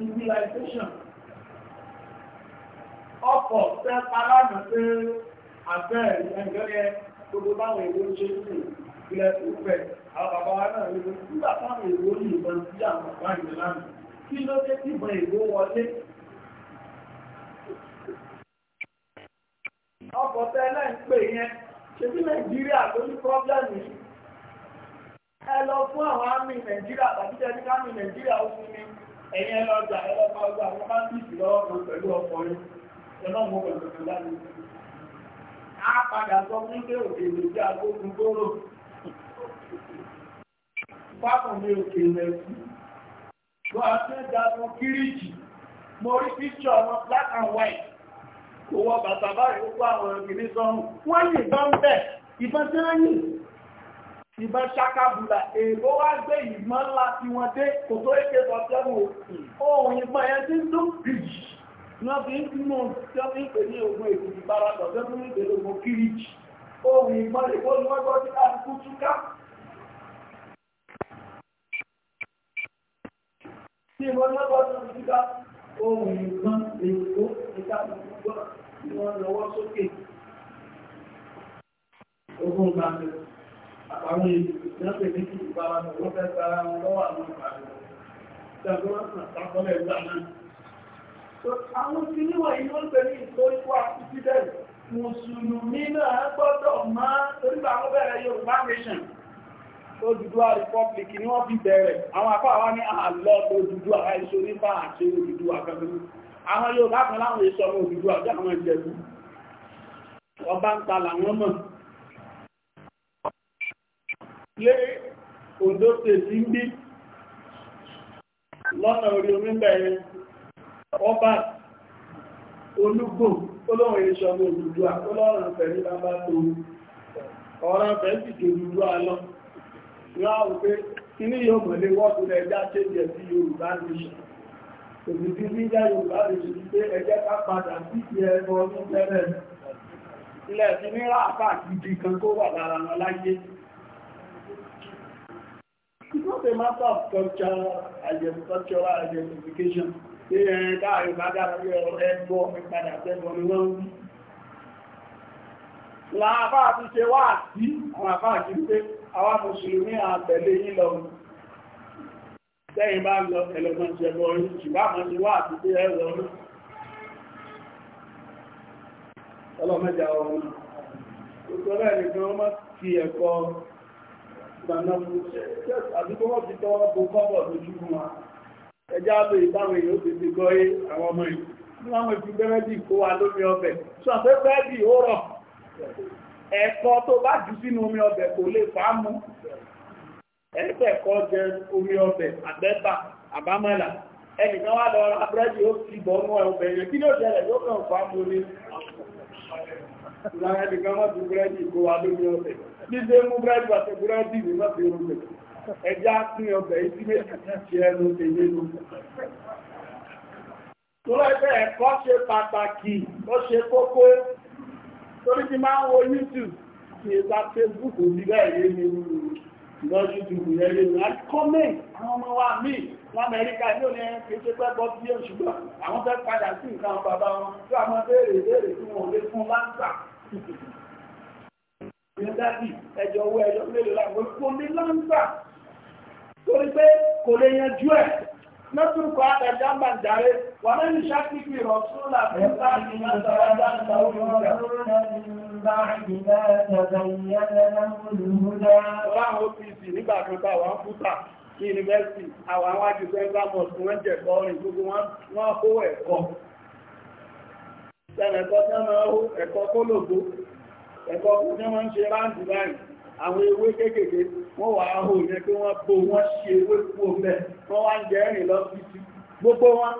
civilization ọkọ̀ tẹ́ palámù pé àbẹ́ ẹ̀gbẹ́rẹ́ gbogbo báwọn èdè ń ṣe sí ilẹ̀ ìfẹ́ àwọn bàbá wa náà lè nígbà táwọn èrò ní ìbọn sí àwọn bàbá ìlú lánàá kí ló dé tí ìbọn èrò wọlé ọkọ̀ tẹ́ náà ń pè yẹn ṣe bí nàìjíríà ló ní pọ́blẹ́mù yìí ẹ lọ fún àwọn àmì nàìjíríà tàbí tẹ́ ní ká àmì nàìjíríà ó fún mi ẹ̀yẹ lọ́jà ẹlọ́pàá ọgbà wọn bá ní ìlọ́ọ̀pọ̀ pẹ̀lú ọkùnrin ẹlọ́mọ pẹ̀lú ìlọ́ọ̀pọ̀ á padà sọ fún pé òkè jẹ́ agbógun gbòòrò pápọ̀ mi òkè lẹ́kú lọ àti ìdájọ́ kíríjì mo píṣọ̀ wọn black and white kò wọ ó kó àwọn sọ́run wọ́n ìbọn ṣakabula èèbó wá gbé ìmọ̀ ńlá tí wọ́n dé kò tó èké sọ sẹ́wọ̀n ohun ìmọ̀ yẹn ti ń dún bìjì wọ́n fi ń dúnú tí wọ́n fi ń pè ní ogun èkìtì baradọ̀ tó fún ìpèlè ogun kíríjì ohun ìmọ̀ èkó ni wọ́n gbọ́ sí àdúgbò túká. tí ìmọ̀ ní ọgbọ́n tó ń túká ohun ogun gbàgbé àtàwọn ìjọsẹ̀ méjì ìbára wọ́n fẹ́ sára wọn lọ́wọ́ àwọn ìbàdàn ìjọba àtàkọ́lẹ̀ ìgbà náà àwọn tí níwọ̀n yìí wọ́n pẹ̀lú ìtòríkú àtìsídẹ̀ mùsùlùmí náà gbọ́dọ̀ máa torípa àwọn bẹ̀rẹ̀ Yorùbá nation Odùduwà republic ni wọ́n fi bẹ̀rẹ̀ àwọn apá wá ní àlọ́ Odùduwà àìsorí bá àti Odùduwà kankan àwọn Yorùbá kan láwọn èso ọmọ Odùduwà jẹ́ lé Ondo State ń bí lọ́nà orí omi bẹ̀rẹ̀ ọba olúgbò olóhùn ìṣọ́gbò òdúdúwà olóhùn pẹ̀lú bàbá tó ọ̀rọ̀ pẹ̀lú ìdòdúdúwà lọ láàrùn pé kíní yóò mọ̀lé wọ́pù ẹjá ilẹ̀ ti ní ráàpá gidi kan kó wà lára wọn láyé It's not a matter of cultural identity, cultural identification. Láàbá ti ṣe wá sí àwọn àbá àkìrí pé àwọn Mùsùlùmí àtẹ̀lé yìí lọ. Tẹ́yìn bá lọ ẹlẹ́gbọ́n ti ẹgbọ́ orí, ṣùgbá mọ́ ti wá àti pé ẹ̀rọ orí. Ọlọ́mẹ́jà ọmọ. Ìtọ́lẹ̀ nìkan mọ́ ti ẹ̀kọ́ Ẹjá lè ìbáwọn èèyàn ti ti gọ́ é àwọn ọmọ ìlú. Ní àwọn ìfi bẹ́rẹ́dì kó wa lómi ọbẹ̀. Sọ pé bẹ́rẹ́dì ó rọ̀. Ẹ̀kọ tó bá jù sínú omi ọbẹ̀ kò lè fàá mú. Ẹ̀ẹ́fẹ̀kọ́ jẹ omi ọbẹ̀ àgbẹ́bà àbámọ́là. Ẹnìkan wá lọ ra bẹ́rẹ́dì ó ti bọ̀ mọ́ ọbẹ̀ yẹn. Kí ló jẹ́ rẹ̀ yóò kàn fàá mú ni? ìlànà ẹnìkan má fi búrẹ́dì kó wa lórí ọ̀sẹ̀ níbi mú búrẹ́dì àti búrẹ́dì ní má fi rúgbẹ̀ ẹjá pín ọbẹ̀ ìdí méjì ti ẹnu tèyé ló Tọ́lá ẹgbẹ́ ẹ̀kọ́ ṣe pàtàkì ó ṣe kókó torí ti máa ń wo YouTube ti ìta Facebook òbí bẹ́ẹ̀ yé mi lọ YouTube yẹn lé mi àwọn ọmọ wa míì lamẹ́ríkà ní òní kéṣe pẹ́ bọ́ bí èṣù àwọn fẹ́ padà sí nǹkan bàbá wọn tí a máa béèrè ìbéèrè tí wọn lè fún láńsà ìyẹn dábì ẹjọ owó ẹjọ mélòó làwọn kò ní láńsà torí pé kò lè yanjú ẹ lọ́tùkọ̀ àtẹ̀já gbàjáre wà lẹ́yìn ṣákìkì ìrọ̀súnlá fún láti látara dáadáa orí ọ̀rẹ́. Láwọn ní yunifásitì àwọn àwọn àjùgbẹ́ ìgbàmọ̀ tí wọ́n jẹ̀ kọ́ orin gbogbo wọn kó ẹ̀kọ́ ẹ̀kọ́ tí wọ́n ó ẹ̀kọ́ kólògbó ẹ̀kọ́ tí wọ́n ń ṣe ráǹdì báyìí àwọn ewé kéékèèké wọ́n wà áhò yẹn pé wọ́n bo wọ́n ṣe ewé kú ọ̀fẹ́ wọ́n wá ń jẹ́ rìn lọ sí gbogbo wọn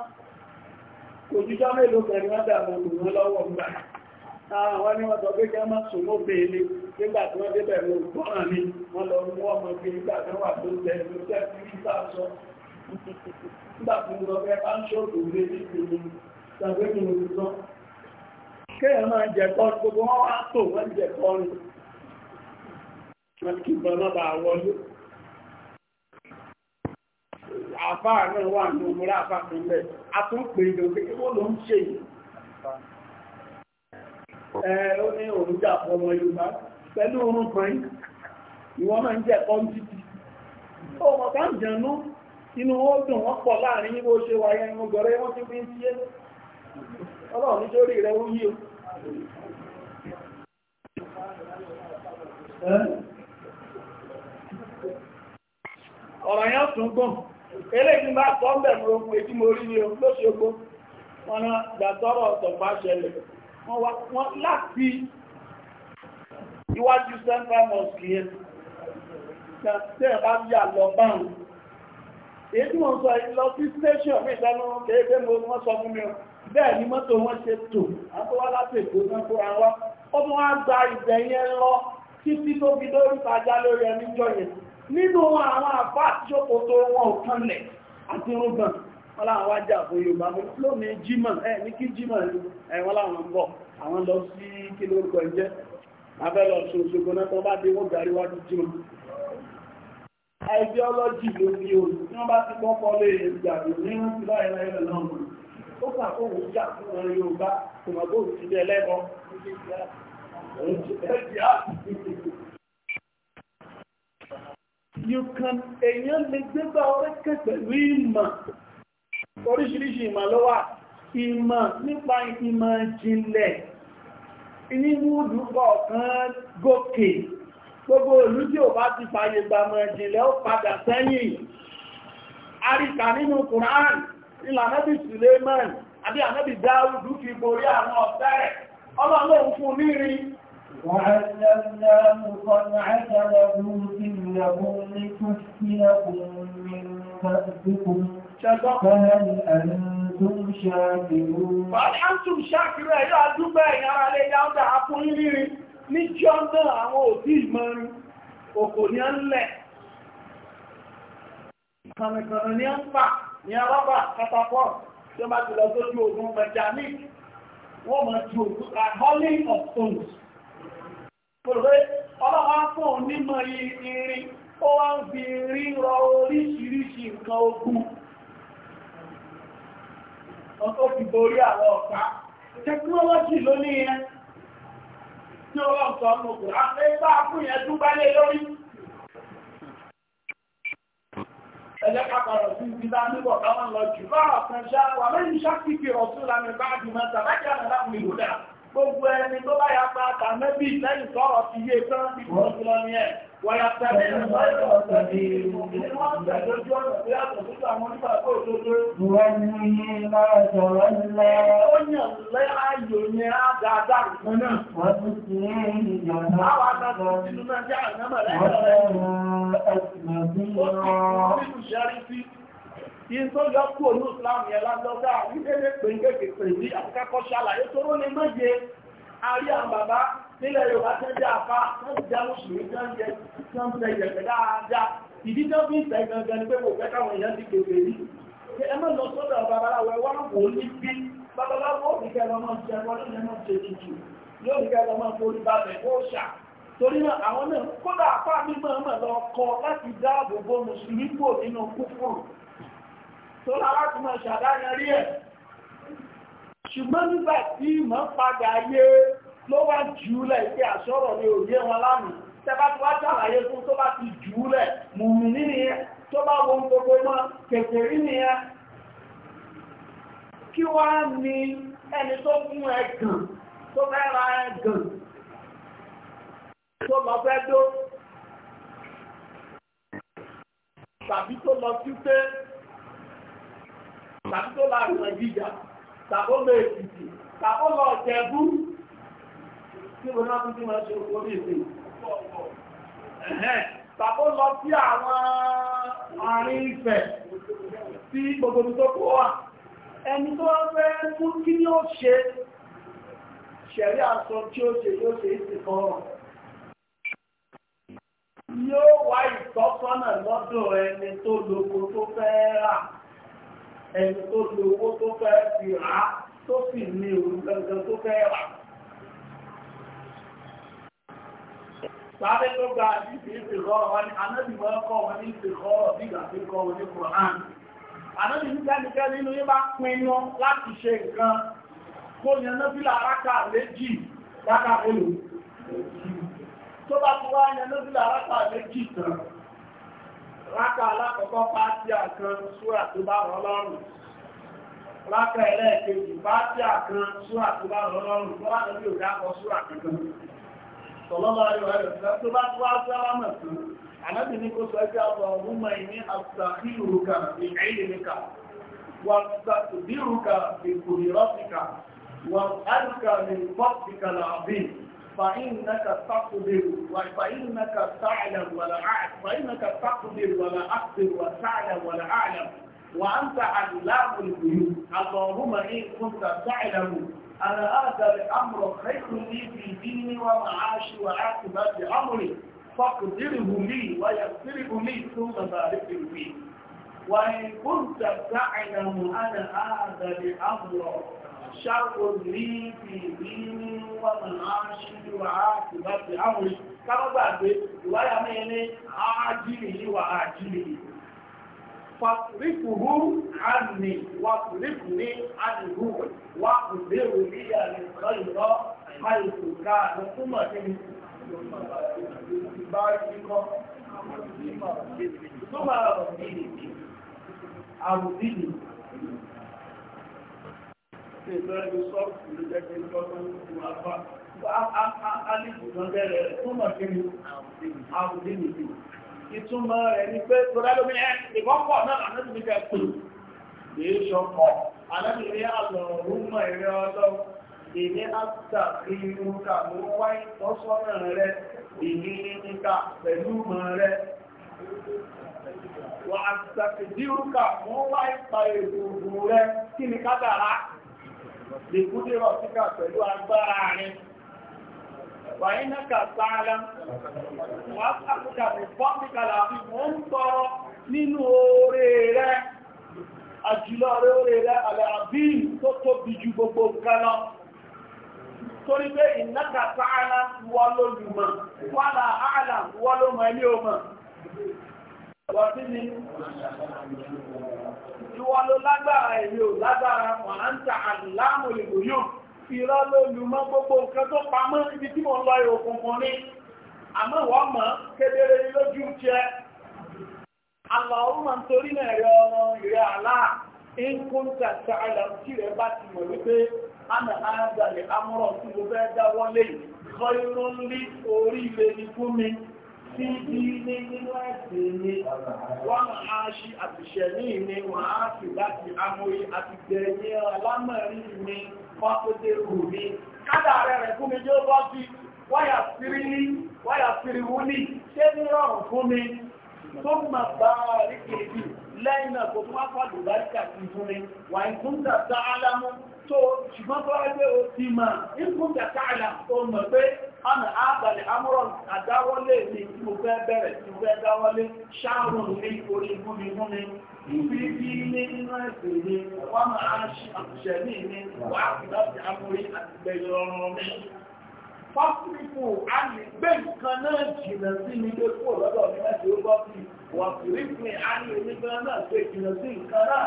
òjíṣọ́ mélòó kan ni wọ́n dà mọ́ lọ́wọ́ gbàgbà àwọn ní wọ́n sọ pé kẹ́ máa sùn mọ́ bèèlè nígbà tí wọ́n débẹ̀ ló gbọ́ràn ní wọ́n lọ mú ọmọ bí nígbà tí wọ́n tó tẹ ló tẹ́ sí nígbà sọ nígbà tí wọ́n fẹ́ bá ń ṣòkò lé ní ìlú tàbí kí wọ́n sọ máa jẹ kọ́ gbogbo wọn wá tò wọ́n jẹ kọ́ àfáà náà wà ní òmùrà àfáà kan bẹ́ẹ̀ a tún pè kí wọ́n ló ń ṣe yìí ó ní òrùjà ọmọ Yorùbá pẹ̀lú orun kan ìwọ́n máa ń jẹ́ kọ́ńtìtì ó mọ̀ inú ó dùn wọ́n pọ̀ láàrin ṣe wáyé inú gọ̀rẹ́ wọ́n ti nítorí rẹ̀ ó o ọ̀rọ̀ yẹn tún gùn ogun èdí mo rí ní wọ́n láti iwájú central mosque yẹn tẹ́ ẹ̀ bá yà lọ báhùn èdè wọn sọ ìlọ sí station ní ìdáná kéèké mo wọ́n sọ fún mi bẹ́ẹ̀ ni mọ́tò wọ́n ṣe tò àtọwá láti èkó náà fún àwa ọmọ wa gba ìbẹ̀ yẹn lọ títí tó fi lórí ìtajà lórí ẹni jọ yẹn nínú àwọn àbá àtijọ́kòtò wọn ò kanlẹ̀ àti rúgbọ̀n ọláwọn wá jà fún Yorùbá mú lónìí jímọ̀ ẹ ní kí jímọ̀ ẹ̀wọ́n láwọn ń bọ̀ àwọn lọ sí kí lórúkọ jẹ́ abẹ́lọ ṣoṣogbo náà tán bá dé wọ́n gàrí wájú jímọ̀ ideology ló ní orí tí wọ́n bá ti pọ́pọ́ lè gbàgbé nínú ti bá ẹ̀rọ ẹ̀rọ náà mú ó kà kó òun jà fún wọn Yorùbá kò mọ̀ bóun ti bẹ́ẹ̀ lẹ́bọ You can, èèyàn lè gbégbá ọrẹ́kẹ́ pẹ̀lú oríṣiríṣi ìmọ̀ ló wà ìmọ̀ nípa ìmọ̀ jinlẹ̀ inú ìdúkọ̀ kan gòkè gbogbo ìlú tí ò bá ti fàyè gbàmọ̀ ìjìnlẹ̀ ó padà sẹ́yìn àríkà nínú Kùrán ìlànàbì Suleiman àbí ànábì Dáúdù fi borí àwọn ọ̀tá rẹ̀ ṣẹgbọ́. Fẹ́ẹ̀ni ẹ̀ntún ṣàkìrú. Fẹ́ẹ̀ntún ṣàkìrú ẹ̀yọ́ adúgbẹ́ ìyára lè yáúdà fún rírí ní jọ náà àwọn òbí ìmọ̀rin, òkò ní ọ́nlẹ̀. Kànìkànì ní ọ́npà ní arábà katapọ̀ tí ó bá ti lọ sójú ogun mechanic. Wọ́n mọ̀ ju òkú a hauling of stones. Pòlùwé, ọlọ́wọ́ fún onímọ̀ irin, ó wá ń fi rí rọ oríṣiríṣi nǹkan ogun kan tó fi borí àwọn ọ̀pá tẹkinọ́lọ́jì ló ní ẹ tí ó lọ́n sọ ọmọ òkú àpé bá fún yẹn tún bálé lórí ẹlẹ́pàpàrọ̀ sí ibi bá níbọ̀ káwọn lọ jù lọ́rọ̀ kan ṣá wà lẹ́yìn ṣáàkì fi ọ̀tún làmì bá àdìmọ́ tàbájà náà láwùjọ dáa gbogbo ẹni tó bá ya pa àtàmẹ́bì lẹ́yìn sọ́rọ̀ ti yé tán ní ìfọ́sílọ́ ní ẹ̀ wọ́yà tẹ̀lé ìrìnlọ́yìn ọ̀sẹ̀ ní wọ́n tẹ̀lé ojú ọ̀nà tó yàtọ̀ sí àwọn nípa tó òdodo. wọ́n ní máa sọ̀rọ̀ ńlẹ́. ó yàn lẹ́ ayò ní àdáadá kan náà. wọ́n tún ti ń yànnà. àwọn akẹ́kọ̀ọ́ sínú náà jẹ́ àgbẹ̀mọ̀ lẹ́yìn ọ̀rẹ́ yìí tó yọ kú òní ìsìláàmù yẹn lásọ́dá wípé pèǹkèkè pèǹdí àkẹ́kọ̀ọ́ ṣàlàyé tó rọ́ lè mọ́jẹ àrí àwọn bàbá nílẹ̀ Yorùbá tẹ́ jẹ́ àfá tẹ́jì jẹ́ mùsùlùmí jẹ́ jẹ́ jẹ́ dáadáa ìdí tó fi ń tẹ̀ gangan ni pé kò fẹ́ káwọn èèyàn ti pèpè rí ẹ mọ́ lọ sọ́dọ̀ babaláwo ẹ wá wò ní bí babaláwo ó nìkẹ́ lọ máa ṣe ẹgbọ́n lónìí máa ṣe tutù yóò nìkẹ́ lọ máa forí balẹ̀ ó ṣà torí náà àwọn náà kódà apá mímọ́ ọmọ lọ kọ láti dáàbò bo mùsùlùmí kúrò nínú kúfùrù tó lára tí mọ̀ ṣàdáyàn rí ẹ̀ ṣùgbọ́n nígbà tí ìmọ̀ padà ayé ló wá jùúlẹ̀ ìpé àṣọ́rọ̀ ní òye wọn lánàá tẹ́bá tí wá ṣàlàyé fún tó bá ti jùúlẹ̀ mùmù nínìyẹn tó bá wọn gbogbo mọ́ kèfèrí nìyẹn kí wá ní ẹni tó fún ẹ̀gàn tó fẹ́ ra ẹ̀gàn tó lọ fẹ́ dó tàbí tó lọ sí pé tàbí tó láàrin wọn gíga tàbó lọ èkìtì tàbó lọ jẹ̀bú tí wọn náà tún tí wọn ṣe òkú orí ìsìn tàbó lọ sí àwọn àárín ìfẹ́ tí gbogbo tó kó wà ẹni tó fẹ́ fún kí ni ó ṣe ṣẹ̀rí àṣọ tí ó ṣe yóò ṣe ìsìnkọ́ ọ̀rọ̀ yóò wá ìtọ́sọ́nà lọ́dọ̀ ẹni tó lóko tó fẹ́ rà ẹni tó lo owó tó fẹ́ fi rà á tó sì ní òun gangan tó fẹ́ rà. Sáré tó gba àdìsí ìfìkọ́ wọn ni Anábì wọn kọ́ wọn ní ìfìkọ́ bígbà tí kọ́ wọn ní Quran. Anábì ní kẹ́nikẹ́ nínú yín bá pinnu láti ṣe nǹkan kó yan nọ́bílà rákà méjì rákà olùkú. Tó bá ti wá yan nọ́bílà rákà méjì tán rákà alákọ̀ọ́kọ́ pàtíà kan súrà tó bá rọ̀ lọ́rùn rákà ẹlẹ́ẹ̀kejì pàtíà kan súrà tó bá rọ̀ lọ́rùn tó bá lọ́bí ò dákọ̀ súrà kankan tọ̀lọ́lọ́ ayọ̀ ẹ̀rọ tó bá tó wá sálámà tán ànábì ní kó sọ ẹgbẹ́ ọ̀pọ̀ ọ̀hún mọ̀ فإنك تقدر وفإنك تعلم ولا أعلم فإنك تقدر ولا أقدر وتعلم ولا أعلم وأنت علام الغيوب اللهم إن كنت تعلم أنا أقدر أمر خير لي في ديني ومعاشي وعاقبة أمري فاقدره لي ويسره لي ثم بارك فيه وإن كنت تعلم أنا هذا الأمر ṣáàkùn rí ìbí ní wọ́n máa ń ṣíjú àti bá ti àwọn kámọ́gbàgbé ìwáyà mẹ́rin àájìrì yìí wà àájìrì yìí fàtìríkùrú àmì wàtìríkù ní àdìrú wà ìbéèrè ní àlèkọ́ ìrọ́ àìsù káàdùn túmọ̀ sí ni ṣe ìbẹ̀rẹ̀ ní sọ́ọ̀kì ló jẹ́ kí lọ́gbọ́n ti wà bá alìkù kan bẹ̀rẹ̀ rẹ̀ tó mọ̀ kí ni àwùdí nìbí ìtumọ̀ rẹ̀ ni pé tọ́lálómi ẹ̀ ìwọ́pọ̀ náà àmẹ́sì ní kẹ́kù lèé ṣọpọ̀ alábìnrin àlọ́rùn mọ̀ ẹ̀rẹ́ ọlọ́run èmi àtà kí irú ká mú wáyé tọ́sọ́nà rẹ̀ èmi níta pẹ̀lú mọ̀ rẹ̀ wà àtàkì dírúkà lè kúdé rọ̀ síkà pẹ̀lú agbára rẹ̀ wàyí náà kà sáàlá wà áfíkà rẹ̀ fọ́nbíkà làbí mọ́ ń tọrọ nínú oore rẹ̀ àjùlọ rẹ̀ oore rẹ̀ àlàbí tó gbogbo lọ torí pé ìnáka sáàlá ló wàlà ìwọ ló lágbára èmi ò lágbára wà á ń ta àdìláàmù ìlú yóò irọ́ ló lu mọ́ gbogbo nǹkan tó pamọ́ ibi tí mo lọ èrò kankan ní àmọ́ ìwọ́n mọ̀ kedere lójú jẹ́ àlọ́ọ̀rùn torí náà rẹ ọ̀rọ̀ ìrẹ́ àlá ìkúntà tààlà tí rẹ bá ti mọ̀ wípé àmà àádàlẹ̀ amúrọ̀ tí mo fẹ́ dáwọ́lé sí ilé nínú ẹ̀sìn ni wọ́n á ṣe àtìṣẹ́ ní ìní wọ́n á sì láti amóyí àti gbẹ̀yẹ alámọ̀rí ni wọ́n tó dé rù mí kádà rẹ̀ rẹ̀ fún mi yóò bọ́ sí wáyà sírí ní wáyà sírí wú ní ṣé ní ọ̀rùn fún mi tó mà bá rí kejì lẹ́yìn náà kò fún tó ṣùgbọ́n tó wáyé o ti ma ìkún jàkàlà tó mọ̀ pé ọ̀nà àbàlẹ̀ amúrọ̀ àdáwọlé ní tí mo fẹ́ bẹ̀rẹ̀ tí mo fẹ́ dáwọlé ṣáàrùn ní orí ibú mi mú mi ibi ibi ní inú ẹ̀sìn ni wọ́n máa ṣe àṣẹ ní ní wà láti amúrí àti gbẹ̀yọ̀ ọ̀rọ̀ mi fásitìfù a nǹkan náà jìnà sí mi lé kúrò lọ́dọ̀ mi láti ó bọ́ sí wà fìrí fún mi a lè náà gbé jìnà sí nǹkan náà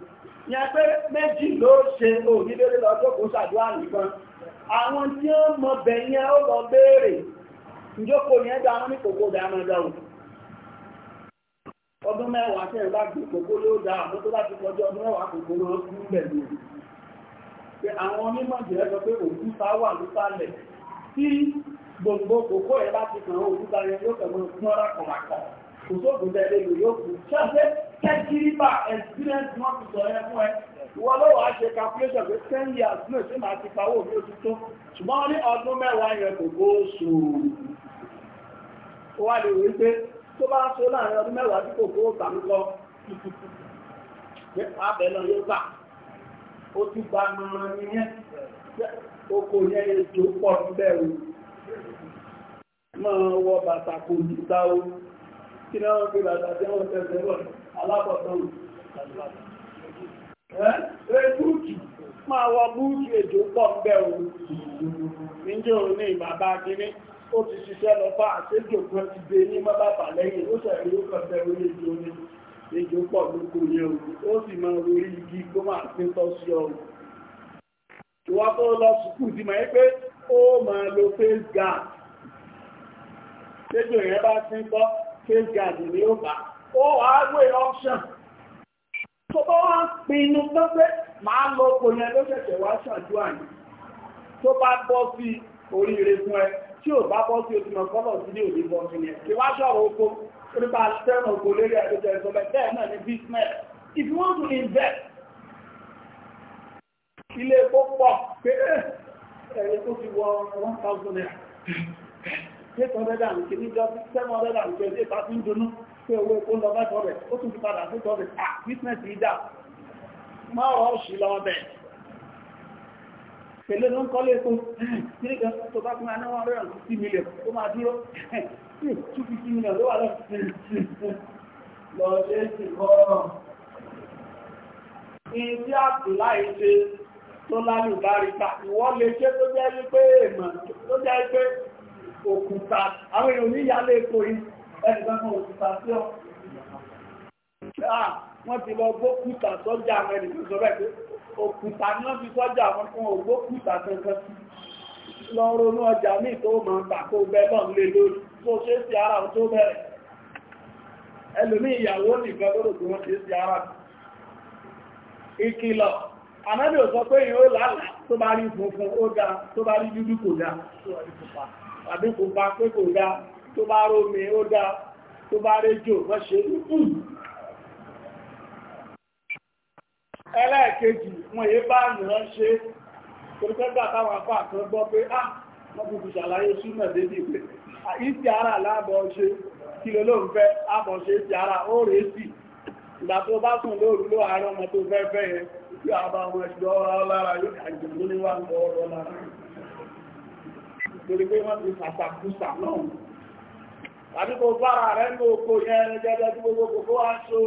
yẹn pé méjì ló ṣe ònílérè lọ́jọ́ kó ṣàdúrà nìkan àwọn tí ó mọ bẹ̀ yẹn ó lọ béèrè ìjókòó yẹn dá wọn ní kòkó dáadáa ọdún mẹ́wàá tí ẹ̀ bá gbé kòkó ló dá tó ọdún mẹ́wàá kòkó ló pẹ̀lú pé àwọn onímọ̀ ìjìnlẹ̀ sọ pé òkúta wà lókàlẹ̀ tí gbogbo kòkó ẹ̀ bá ti kàn òkúta yẹn yóò tẹ́jìrìbà experience wọ́n ti sọ̀rọ̀ ẹ fún ẹ wọ́n ló wàá ṣe calculation pé ten years náà ṣé màá ti pawó mi ó ti tó ṣùgbọ́n wọ́n ní ọdún mẹ́wàá yẹn kò gbó sùúrù wọ́n lè wí pé tó bá so láàrin ọdún mẹ́wàá tí kò gbó sàmúkọ pé abẹ náà yóò gbà ó ti gba nọrọ nìyẹn oko yẹn ètò pọ̀ níbẹ̀ o máa wọ bàtà kò ní ta o kí ni wọ́n gbé bàtà tí wọ́n tẹ̀sẹ̀ alábọ̀dọ́rù ẹ́ búrúkì máa wọ búrúkì èjò pọ̀ bẹ́ ohun níjẹ́ òun ní ìbàbá kìíní ó ti ṣiṣẹ́ lọ bá àṣẹ́jò kan ti dé ní mọ́bàbà lẹ́yìn ó ṣẹ̀rí ó kàn bẹ́ orí èjò ní èjò pọ̀ lóko yẹ ohun ó sì máa orí igi kó máa pín tọ́ sí ọrùn ìwà tó lọ sùkúù ti máa ń pé ó máa lo face guard ṣéjò yẹn bá pín tọ́ face guard ni ó bá ó àwẹ̀ option tó bá wá ń pinnu tó pé máa lọ oko yẹn ló ṣẹ̀ṣẹ̀ wá ṣàdúrà yìí tó bá bọ́ sí oríire fún ẹ tí ò bá bọ́ sí òtún ọ̀kọ́lọ̀ sí ní òní bọ́ọ̀sì yẹn kí wá ṣọ̀rọ̀ oko nípa tẹ́ràn oko lórí ẹ̀dọ́jọ́ business if want to invest ilé epo pọ̀ pé eh, ẹ̀rẹ́ tó ti wọ 1000 naira 800 and kìíní jọ 700 and 28 bá ti ń dunú pé owó epo lọ bá tọ́rẹ̀ ó tún ti padà sí tọ́rẹ̀ à bísínẹ̀sì ìdá má rọ̀ ọ̀ṣì lọ bẹ̀ pẹ̀lú ló ń kọ́ lé fún nígbà tó bá fún aná wọn rẹ̀ sí mílíọ̀n ó máa dúró two fifty million ló wà lọ lọ ṣe é sì kọ́ ìyí tí àtúláì ṣe tó lálù bá rí ta ìwọ́ lè ṣe tó jẹ́ wípé èèmọ̀ tó jẹ́ wípé òkúta àwọn èèyàn oníyàlé epo yìí ẹnìkan náà òkúta sí ọ. Ah, wọ́n ti lọ gbókúta sọ́jà àwọn ènìyàn sọ bẹ́ẹ̀ pé òkúta ni wọ́n fi sọ́jà àwọn fún ògbókúta kankan lọ ronú ọjà míì tó máa ń tàkó náà lé lórí tó ṣe sí ara tó bẹ̀rẹ̀ ẹlòmí ìyàwó nìkan tí wọ́n ṣe sí ara ìkìlọ̀ ànábì ò sọ pé yóò lálàá tó bá rí funfun ó ga tó bá rí dúdú kò ga tàbí tó bá rómi ó dá tó bá réjò wọ́n ṣe ẹlẹ́ẹ̀kejì wọ́n yé bá nìran ṣe torípẹ́gbà táwọn afá kan gbọ́ pé ah wọ́n ti fi ṣàlàyé súnà débi pé ìtì ara lábọ̀ ṣe kí ló ló ń fẹ́ àbọ̀ ṣe ìtì ara ó rèé sí ìgbà tó bá sùn lóru ló àárọ̀ ọmọ tó fẹ́ fẹ́ yẹn tí a bá wọn ṣọ́ lára yóò àjẹ̀mú níwájú ọ̀rọ̀ lára torí wọ́n ti sàtàkùsà náà tàbí kò bára rẹ̀ ń gbogbo yẹn gẹ́gẹ́ tí gbogbo gbogbo wá so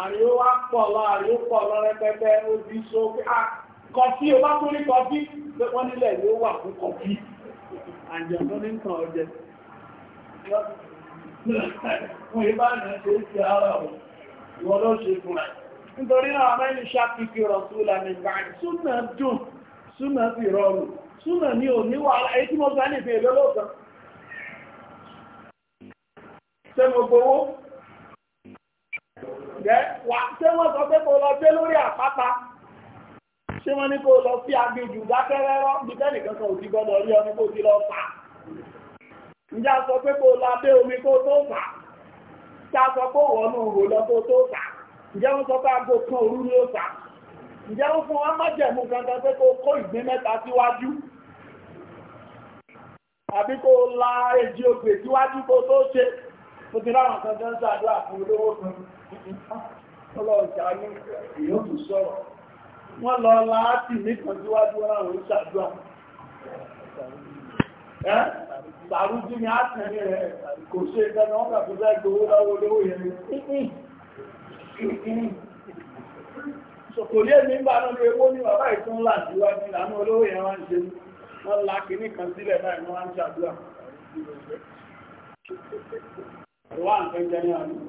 àrí wá pọ̀ lọ so pé a ah, kọfí o bá tún ní kọfí pé wọ́n nílẹ̀ yóò wà fún kọfí àjọ̀dún ní nǹkan ọjẹ́ ṣe é ara wọ́n ṣe fún ẹ̀ nítorí náà ṣàkíkí súnà ṣé gbowó ṣé wọ́n sọ pé kó lọ dé lórí àpáta ṣé wọn ní kó lọ sí agbèjù dákẹ́rẹ́rọ́ bí tẹ́nìkan kan ò ti gbọ́dọ̀ rí ní kó ti lọ fà sọ pé kó lọ dé omi tó fà sọ pé lọ tó sọ pé aago kan òru ló fà wọn fún wa pé kó ó ti láwọn kan jọ ń sàdúrà fún olówó kan ọlọ́ọ̀jà ní èèyàn tó sọ̀rọ̀ wọ́n lọ láti nìkan síwájú àwọn ìṣàdúrà ẹ́ sàrújú ni á tẹ̀lé rẹ̀ kò ṣe ìtẹ́nà wọ́n kà fún fẹ́ gbowó lọ́wọ́ olówó yẹn kò lé ní bá lórí ewó ní bàbá ìtún ńlá síwájú ìlànà olówó yẹn wá ń ṣe Ruwan kan jẹ́ ní ọdún.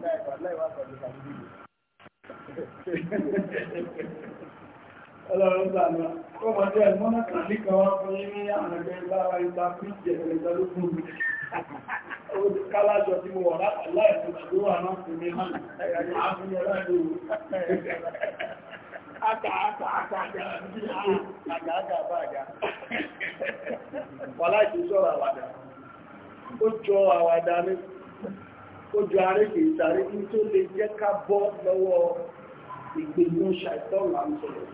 Ọlọ́run gbàmọ́, ọmọdé ẹ̀mọ́nà kan ní kan wọ́n fún yí ní àwọn ẹgbẹ́ ìgbára ìta píjẹ̀ ìgbẹ̀lẹ́gbẹ̀lógún. Ó ti kálájọ tí mo wọ̀ láìpẹ̀lẹ́ ìgbẹ̀lẹ́gbẹ̀lógún àwọn fún mi hàn. Àkà àkà àkà àkà àkà àkà bá àjá. Wà láìpẹ̀ sọ́rọ̀ àwàdà. Ó jọ àwàdà ní ó ju arékè ìtàrí ní tó lè jẹ́ ká bọ́ lọ́wọ́ ìgbèmú ṣàìtọ́nù àmúṣọ̀rọ̀.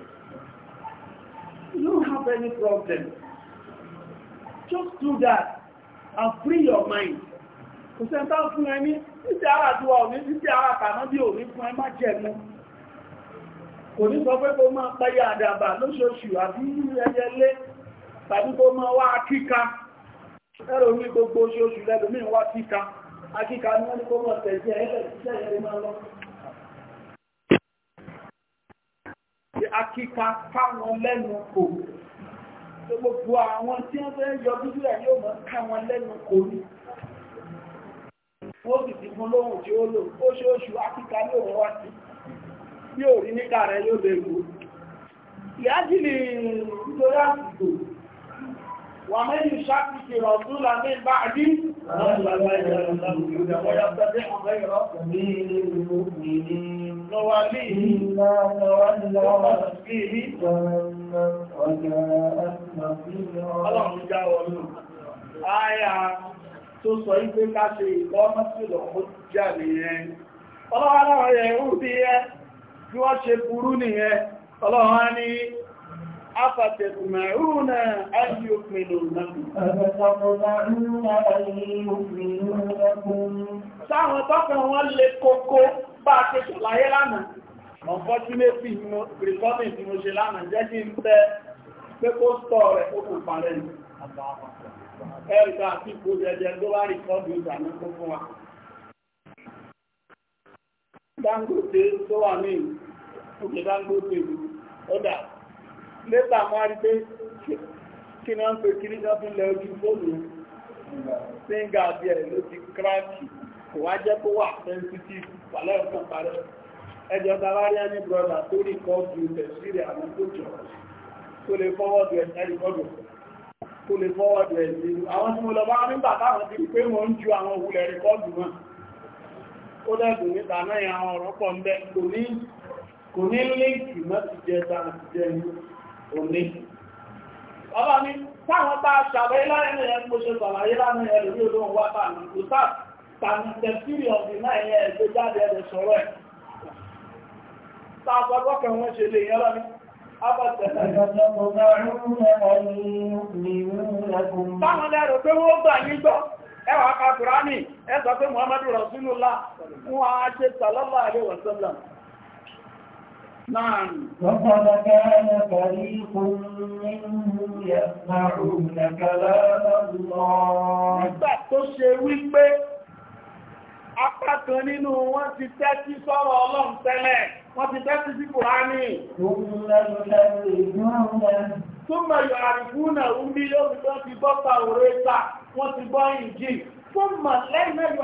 You don't have any problem. Just do that and free your mind. Kò sẹ́ńtà fún ẹni títí ara àdúrà òní títí ara àtàná bí òní fún ẹ má jẹ̀mú. Kò ní sọ pé kó máa pẹ́yà àdàbà lóṣooṣù àbí ẹyẹlé tàbí kó máa wá kíka. Ẹ̀rọ ní gbogbo oṣooṣù lẹ́lòmíì wá kíka akíkà ní wọ́n ní kó mọ̀ tẹ̀sí ẹ̀ẹ́fẹ̀ sí ẹ̀yẹ́ máa lọ. Akíkà káwọn lẹ́nu kò. Gbogbo àwọn tí wọ́n fẹ́ yọ dúdú ẹ̀ yóò mọ̀ káwọn lẹ́nu kò ní. Wọ́n sì ti fún lóhùn tí ó lò, oṣooṣù akíkà ní òun wá sí. Bí ò rí níkà rẹ̀ yóò lè wò. Ìyájìlì nítorí àsìkò, wà mẹ́yìn ṣáàkì ṣe rọ̀ tó sọ ipé ká ṣe ìkọ́mọ́sílọ̀ ó jáde yẹn ọlọ́wọ́ aláwọ̀ yẹ̀ ń rú bí ẹ bí wọ́n ṣe burú nìyẹn ọlọ́wọ́ á ní أفتطمعون أن يؤمنوا لكم أفتطمعون a ṣe ṣàlàyé lánàá unfortunately mo reforming tí mo ṣe lánàá jẹ́ kí n tẹ́ pé kó sọ rẹ̀ ó kò parẹ́ ní ẹ̀rìkà àti ìkó jẹjẹ tó bá rí kọ́ bí ó dàní kó fún wa Dangote tó wà ní òkè Dangote ó dà lẹ́tà máa rí pé kí ni wọ́n pè kí ní jọ́fún lẹ ojú fóònù síngà bí ẹ̀ ló ti kíráàkì kò wá jẹ́ kó wà sensitive pàlẹ́ ọ̀kan parẹ́ ẹjọ́ tàbárí ẹni brọ́dà tó rí kọ́ ju tẹ̀sírí àwọn tó jọ tó lè fọ́wọ́dù ẹ̀sìn ẹ̀rí kọ́dù tó lè fọ́wọ́dù ẹ̀sìn àwọn tí mo lọ bá nígbà táwọn ti rí pé mo ń ju àwọn òwúlẹ̀ rí kọ́dù náà ó dẹ̀dùn níta náà àwọn ọ̀rọ̀ pọ̀ ń bẹ kò ní líǹkì mọ́ ti jẹ ta àti jẹ ìlú òní. Ọlọ́run ní táwọn bá ṣàlàyé láàrin ẹ̀ mo ṣe ṣàlàyé láàrin ẹ̀ lórí olóhùn wá bá mi kò sáà tàbí tẹ̀sírì ọ̀dì náà ẹ̀yẹ ẹ̀gbẹ́ jáde ẹ̀rẹ̀ sọ̀rọ̀ ẹ̀. Táàbọ̀ lọ́kẹ̀ wọ́n ṣe lè yẹ́rọ ní. Báwọn lẹ́rọ pé wọ́n gbà yín gbọ́, Rasulullah, نعم وقد كان فريق منهم يسمعون كلام الله nígbà tó ṣe wípé apá kan nínú wọn ti tẹ́tí sọ́rọ̀ ọlọ́run tẹ́lẹ̀ wọ́n ti tẹ́tí sí kùránì túnmọ̀ yọ àrífúnà omi lórí tó ti bọ́ pa òré ta wọ́n ti bọ́ ìjì túnmọ̀ lẹ́yìn yọ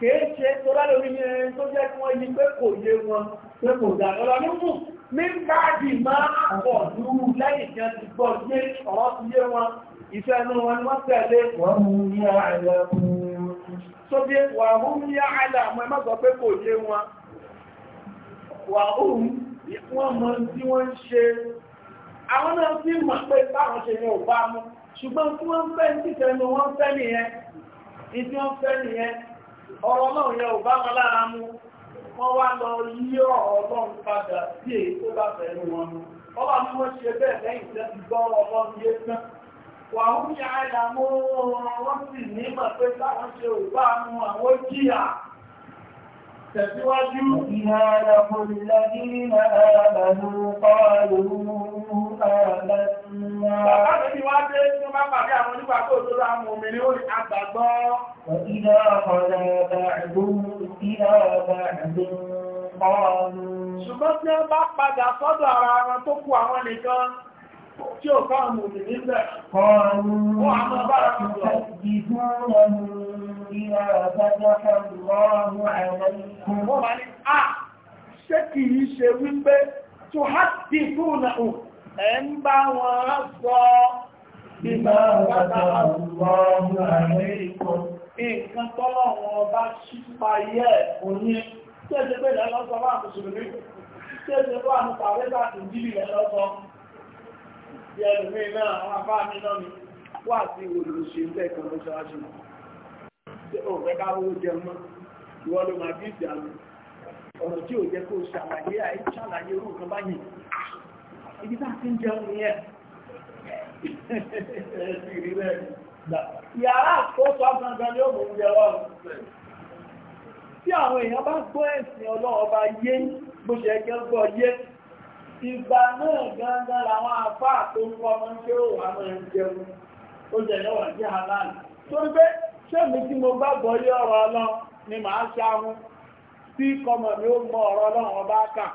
kèé ṣe tó bá lórí ní ẹni tó jẹ́ kí wọ́n yí pé kò yé wọn pé kò dà lọ́la nínú ní báàdì máa pọ̀ lúrú lẹ́yìn tí wọ́n ti gbọ́ yé ọ̀rọ̀ ti yé wọn ìfẹ́ inú wọn ni wọ́n tẹ̀lé wọ́n mú ní àìlẹ́ tó bí wà hún ní àìlẹ́ àmọ́ ẹ má sọ pé kò yé wọn wà hún wọ́n mọ tí wọ́n ń ṣe àwọn náà sì mọ̀ pé báwọn ṣe yẹn ò bá mú ṣùgbọ́n tí wọ́n fẹ́ ní ìfẹ́ inú wọn fẹ́ nìyẹn ìdí wọn fẹ́ nìyẹn ọ̀rọ̀ náà yẹ ò bá wọn lára mú wọ́n wá lọ yí ọlọ́run padà sí èyí tó bá wọn mú ọba mú wọ́n ṣe bẹ́ẹ̀ lẹ́yìn tẹ́ ti gbọ́ ọlọ́run yé tán wà ń mú wọn sì تزوج إناله الذين آمنوا قالوا آمنا وإذا خلا بعضهم إلى بعض قالوا ṣùgbọ́n tí wọ́n bá padà sọ́dọ̀ ara wọn tó kú àwọn nìkan tí ó ká mú mi níbẹ̀. Ọ̀run àwọn bára tó há ti fún òun ẹ̀ ń bá wọn sọ bíbá àbájá ọ̀run àìlẹ́yìn. Nǹkan tọ́lọ̀ wọn bá ṣípa yẹ́ òyìn. Ṣé ṣe pé ìdálọ́sọ wà mùsùlùmí? Ṣé ṣe wà mùsàwẹ́sà tó jíbi ìdálọ́sọ? bí ẹlùmí náà wà sí ṣe ló máa bí ìsì tí ò jẹ́ kó ṣàlàyé ṣàlàyé orú nǹkan báyìí ibi tá a ti ń jẹun nìyẹn (laughs) ẹ sì rí bẹ́ẹ̀ yàrá tó sọ gangan ni ó mú oúnjẹ wà tí àwọn èèyàn bá gbọ́ ẹ̀sìn yé bó ṣe gbọ́ yé ìgbà náà gangan làwọn afá tó ń kọ́ mọ́ ṣé ó wà mọ́ ẹ̀ jẹun ó jẹ torí mo gbàgbọ́ ọ̀rọ̀ ni màá ṣáhún kọmọ̀ mi ó mọ ọba kà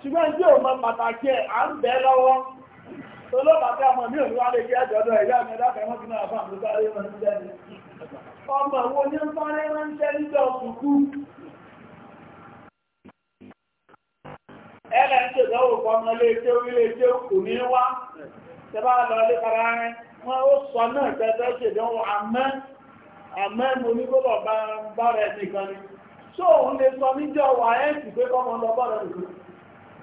ṣùgbọ́n tí mọ pàtàkì ẹ̀ à ń lọ́wọ́ ọmọ mi ò ní wá lè jẹ́ ẹ̀jọ̀dọ̀ ẹ̀yà mi ẹlẹ́ ń tèdọ́wò fọmọ ilé tí ó ilé tí ó kù ní wá tẹ́bá lọ ilé fara rẹ̀ wọ́n ó sọ náà tẹ́tẹ́ ṣèdánwò àmẹ́ àmẹ́ mo ní kó lọ́ọ́ bá ń bá rẹ̀ nìkan ni tó òun lè sọ níjọ́ wà ẹ́ sì pé kọ́mọ lọ bá rẹ̀ nìkan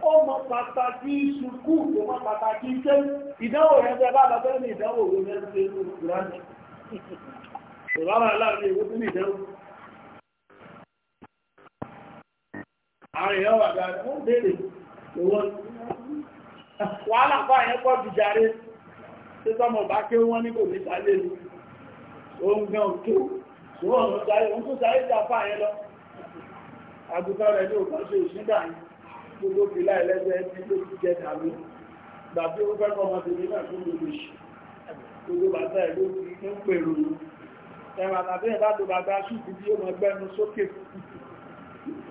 ó mọ pàtàkì sùkú kò mọ pàtàkì iṣẹ́ ìdánwò yẹn tẹ́ bá lọ bẹ́ẹ̀ ni ìdánwò wo yẹn ti ṣe é lóṣù rẹ̀ àwọn èèyàn wà dáadáa wọ́n béèrè owó wàhálà fún àyẹ́ pọ̀ jù jàre tí sọmọ̀ bá kí wọ́n ní kò ní sálé ní ohun gan tó wọ́n ń sáré wọ́n tó sáré jà fún àyẹ́ lọ àgùkọ rẹ̀ ní òkan ṣe òṣìgbà ní gbogbo fìlà ẹlẹ́gbẹ́ tí ló ti jẹ dàbí gbàbí ó fẹ́ kọ́ ọmọdébí náà tó lè ṣe gbogbo bàtà ẹ̀ ló ti ń pèrò ẹ̀rọ àtàbí ẹ̀ bá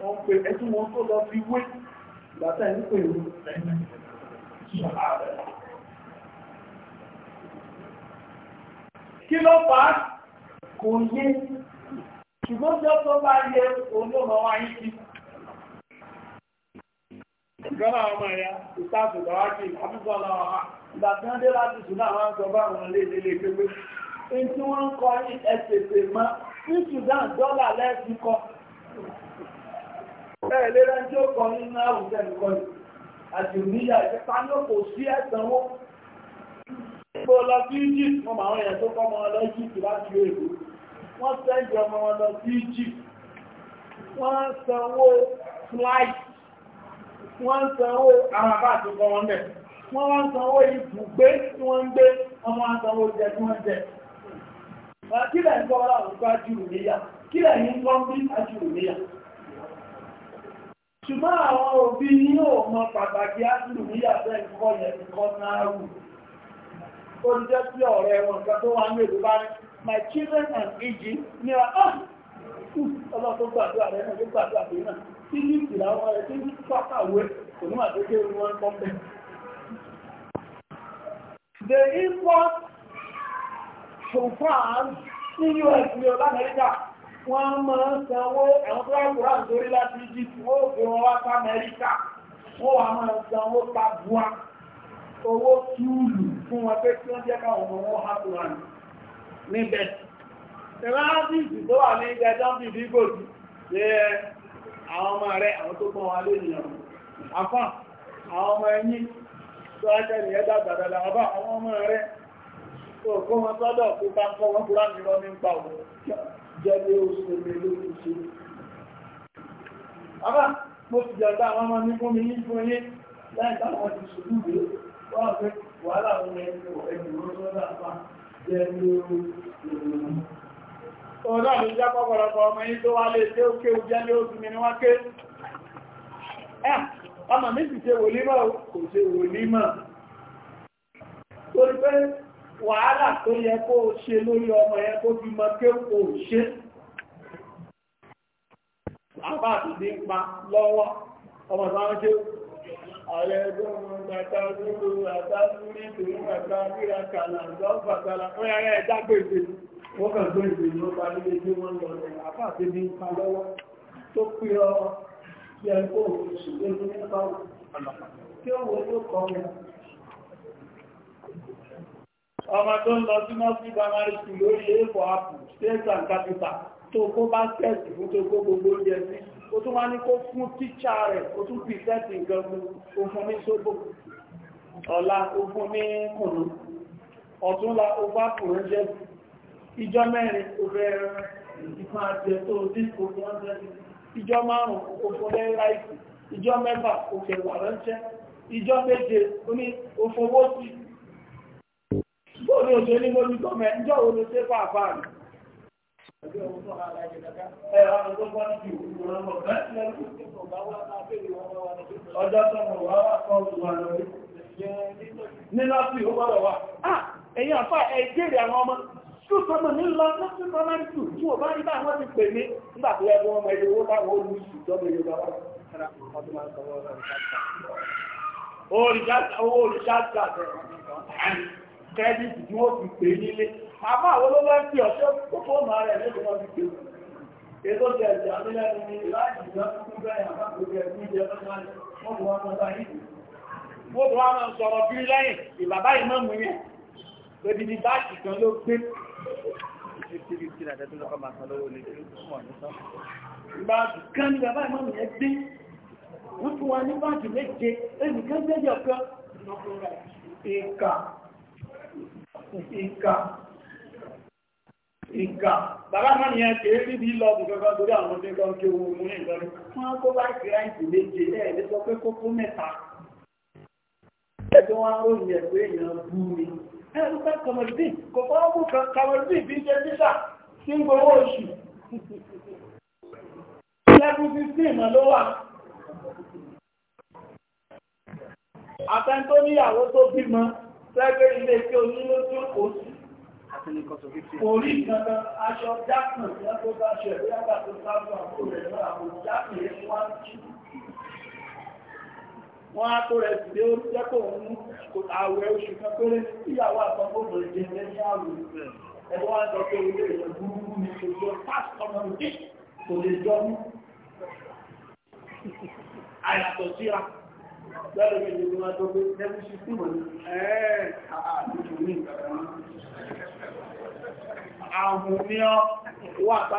wọ́n pè ẹtún wọn tó lọ fi wé látà ní pè ní kí ló fà á kò yé ṣùgbọ́n tí ó tó bá yẹ olóòmọ wa yí sí ìgbọ́nà ọmọ ẹ̀yà ìsáàtù lọ́wọ́dì àbúgbọ́nà ọmọ ìgbà tí wọ́n dé láti ṣùgbọ́n àwọn ń sọ bá wọn lé nílé pépé tí wọ́n ń kọ́ ẹ̀ṣẹ̀ṣẹ̀ mọ́ ní Sudan dọ́là lẹ́ẹ̀kí kọ́ ẹ̀lẹ́rẹ́ tí ó kọ nínú àwùjẹ́ nìkan ni àjòmíyà ìfẹ́ta ní kò sí ẹ̀sánwó gbogbo lọ sí Egypt wọn máa rẹ̀ tó kọ́ ọmọ lọ Egypt láti èrò wọ́n wọ́n sanwó flight tí wọ́n ń gbé ọmọ wọn jẹ tí wọ́n jẹ kí lẹ́yìn kọ́ wọn láwùjọ ajúrù kí lẹ́yìn kọ́ bí ajúrù níyà ṣùgbọ́n àwọn òbí ní ọmọ pàtàkì áṣìlù ní yàtọ̀ ẹ̀kọ́ yẹn kọ́ náà rù ó jẹ́ sí ọ̀rẹ́ wọn kan tó wà ní bá ní my children and igi ní ah! ọlọ́run tó gbàdúrà rẹ̀ náà tó gbàdúrà rẹ̀ náà tí ní ìlà rẹ̀ tí ní pàkàwé the import so far ní US ní wọ́n máa ń sanwó ẹ̀wọ̀n tó wákùrá nítorí láti Egypt wọ́n ò fi wọn wá sí Amẹ́ríkà wọ́n wá máa sanwó tabua owó túùlù fún wọn pé kí wọ́n jẹ́ káwọn ọmọ wọn hákùrá níbẹ̀ ìrántíìsì tó wà ní ilẹ̀ dánbì dígbò tí àwọn ọmọ rẹ̀ àwọn tó gbọ́n wa lónìyàn afán àwọn ọmọ ẹ̀yìn tó ẹgbẹ́ ni ẹgbà gbàdàdà ọba àwọn ọmọ rẹ̀ tó kó wọn sọ́dọ̀ tó bá kọ́ wọn kúrò nílọ nípa òun jẹ́lé oṣù mẹ́lú ìṣe. Àbá, mo ti jọ̀dá àwọn ọmọ ní fún mi ní fún yé láì táwọn ti ṣùgbù gbé, wọ́n fẹ́ wàhálà wọn ẹgbẹ̀rún sọ́dá àpá jẹ́lé oṣù mẹ́lú. Ọ̀dá mi já pọ̀pọ̀lọpọ̀ ọmọ yìí tó wá lè ṣe ó kéwù jẹ́lé oṣù mi ni wá ké. Ọmọ mi ti ṣe wòlímọ̀ kò ṣe wòlímọ̀. Torí pé wàhálà tó yẹ kó ṣe lórí ọmọ yẹn kó bí mọ kí o ṣe àbáàdì ní pa lọ́wọ́ ọmọ sáwọn ṣe ààrẹ ẹgbẹ́ ọmọ gbàtà lórí àtàlúrí torí gbàtà ríra kàlà lọ́fàtàlà fún ẹ̀rẹ́ ẹ̀dá gbèsè wọ́n kàn ní pa ọ ọmọ tó ń lọ sí nọ́sí primary school lórí èèfọ̀ apple state and capital tó kó bá tẹ́ẹ̀sì fún tó kó gbogbo oúnjẹ sí ó tún wá ní kó fún tíṣà rẹ̀ ó tún fi sẹ́ẹ̀sì nǹkan fún òfun ní sóbò ọ̀la òfun ní kùnú ọ̀túnla òfà kùnú jẹ́ ìjọ mẹ́rin òfẹ́ ìfún àjẹ tó dínkù fún oúnjẹ ìjọ márùn-ún òfun lẹ́yìn láìsí ìjọ mẹ́fà òfẹ́ wà ránṣẹ́ ìjọ méje bóòlù òṣè ní mójú tó mẹ́ ǹjọ́ wo ló ṣe fà fà ní. ọjọ́ tó mọ̀ wá wà kọ́ òṣùwà lórí wà. ẹ̀yin àfà tó kẹ́dìtì tí wọ́n fi pè nílé àmọ́ àwọn olówó ń fi ọ̀ṣẹ́ fóònù rẹ̀ lẹ́gbẹ̀ẹ́ wọn fi pè ètò ìjẹ̀jẹ̀ àmìlẹ́nu ni láti ìjọ tuntun bẹ́ẹ̀ àbákòókè ẹ̀kún jẹ lọ́nà wọn kò wá mọ́ báyìí wọ́n kò wá mọ́ sọ̀rọ̀ bí lẹ́yìn ìbàbá ìmọ̀mù yẹn lóbi ní báàkì kan ló gbé báàkì kan ní bàbá ìmọ̀mù yẹn gbé wọ́n fún wa ní báàkì méje ẹnìkan gbẹ́jọ̀ kan ìkà ìka ìka bàbá mọ́ ni ẹ kèé níbi lọ́bù kankan torí àwọn tí kan kí owó mú ní ìlọrin wọ́n kó bá ìfìráìtì méje ẹ̀ lè sọ pé kókó mẹ́ta ẹgbẹ́ wọn ó yẹ pé èèyàn bú mi ẹ̀rù pẹ́ kọmọdé kò fọ́wọ́ bú kọmọdé bí jẹ́ títà sí gbowó oṣù lẹ́kùn fífíìm ló wà àtẹ́ntó níyàwó tó bímọ Sẹ́gbẹ́ ilé tí o ní ló tí ó kò sí. Orí ìkankan aṣọ jákùn tí wọ́n tó bá ṣe ẹ̀rí àgbàtò sáàbùn àkókò rẹ̀ lọ́wọ́ àwọn jákùn yẹn wá ń jù. Wọ́n á tó rẹ̀ sí lé ó jẹ́ kó ń àwẹ̀ oṣù kan péré ìyàwó àtọ́kọ́ òbòrò jẹ lẹ́yìn àwẹ̀. Ẹgbẹ́ wá pé ilé ìwé burúkú ni kò jọ pásítọ̀ náà kò lè jọ mú. Àyàtọ̀ síra. lọ́dọ̀ mi ìlú máa tó gbé lẹ́gbẹ̀ṣì fún mọ̀ ọ wà bá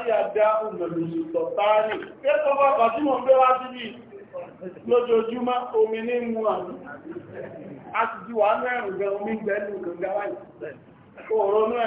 ní àdá òmìnirò tọ̀tánì kéèkó bá pàtí mọ̀ gbé wá omi ní mú àmì a ti jí wà ún gẹ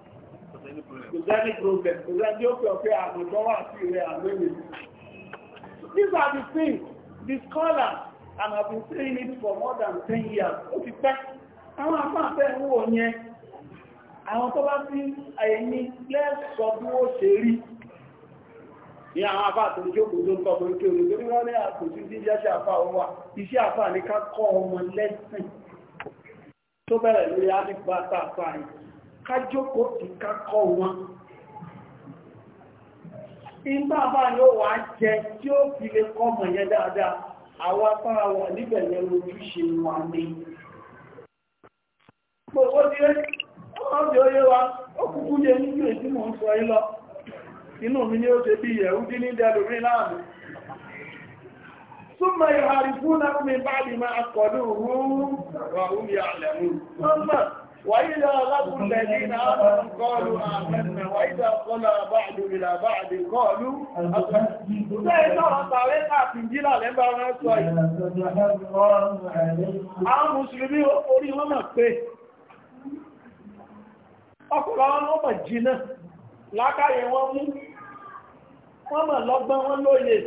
kò sẹ́ni problem kò sẹ́ni ó fẹ́ ọ̀fẹ́ àmọ̀tọ́ wà sí rẹ̀ àmẹ́rin these are the things the scholars and I've been saying it for more than ten years ó ti pẹ́ àwọn afáfẹ́ ń wò yẹn àwọn tó bá sí ẹ̀yìn lẹ́sọ̀ bí ó ṣe rí ní àwọn afá tó ní jókòó tó ń kọ́ orí kéwòn tó ní wọ́n ní àkòtí sí iṣẹ́ àfá ó wà iṣẹ́ àfá ní ká kọ́ ọmọ lẹ́sìn tó bẹ̀rẹ̀ lórí alifbata fáyìí kájókòó ti kákọ́ wọn ìgbà bá yóò wá jẹ tí ó fi lè kọ́ mọ̀ yẹn dáadáa àwọn afárá wà níbẹ̀ yẹn lójúṣe wà ní gbogbo tí ó ti óyé wa ó kúkú jẹ nínú mọ̀ ń sọ yí inú mi ni ó ṣe fún rú وإذا لقوا الذين آمنوا قالوا آمنا وإذا خلا بعض إلى بعض قالوا Ìjọ́ àtàrí káàkiri jílà lẹ́bàá rán sọ yìí. Àwọn Mùsùlùmí orí wọ́n mọ̀ pé ọkùnrin wọn wọ́n mọ̀ jìnà lákàyè wọn mú, wọ́n mọ̀ lọ́gbọ́n wọn lóye.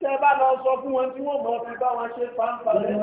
Tẹ́ bá lọ sọ fún wọn tí wọ́n mọ̀ fi bá wọn ṣe fàǹfà lẹ́yìn.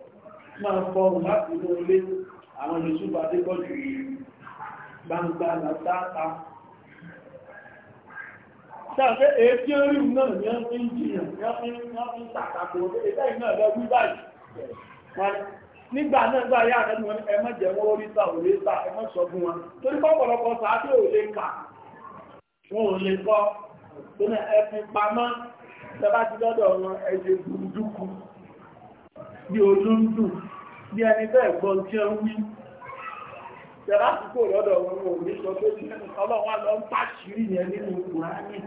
máa fọrùn láti inú ilé àwọn ìṣúbà tí pọ̀ jù gbangba látàtà ṣàfẹ́ èéfí orí náà ní ọ́fí jìyàn ní ọ́fí ń tàkàkò ẹgbẹ́ iná ẹ̀lẹ́ wí báyìí nígbà náà gbà yá àrẹ́nu wọn ẹ má jẹ́ wọ́n orí ta òwe ta ẹ má sọ fún wọn torí pọ́pọ̀lọpọ̀ sàáfí ò lè kà wọn ò lè kọ́ tó ní ẹ fi pamọ́ tẹ́bá ti dọ́dọ̀ wọn ẹ ṣe dúdúkú bí olúndùn bí ẹni bẹ́ẹ̀ gbọ́n tí ó ń wí tẹ̀lá àkókò lọ́dọ̀ wọn ò ní sọ pé ọlọ́wọ́ lọ ń pàṣírí yẹn nínú kùránì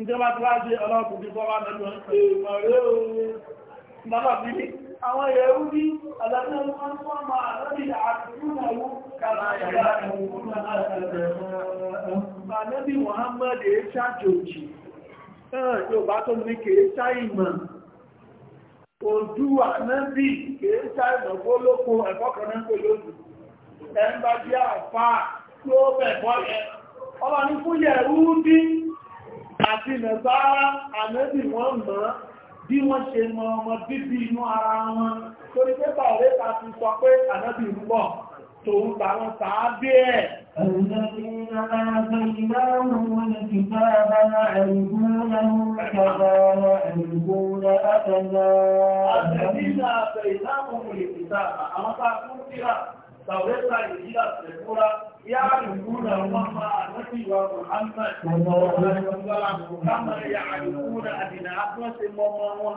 ìjọba tó wá sí ọlọ́pùn tí bọ́wá mẹ́lọ èèmọ̀ rẹ̀ ooo bàbá bí i àwọn yẹ̀rú bí àdájọ́ wọn tó máa lórí àtúnàwó kàlàyà àwọn ọmọ ojú ànábì kìí ṣàìsàn kó lóko ẹ̀kọ́ kan náà pè lóṣù ẹ̀ńbà jẹ́ tí ó bẹ̀bọ́ yẹ ọba ní fún yẹ rúdí àti nàzára ànábì wọ́n mọ̀ bí wọ́n ṣe mọ ọmọ bíbí inú ara wọn torí sọ pé ń tòun tàwọn sàábé ẹ̀. Tàwẹ́ta ìjìlá tẹ̀kúrá, yá àrùkúnà wọ́n máa rántí wa Mùhammad, ọ̀rọ̀ ọ̀rọ̀ ìwọ̀n gbára, kámàrí àrùkúnà àdìnà àpọ́sẹ̀ mọ́mọ́ wọn.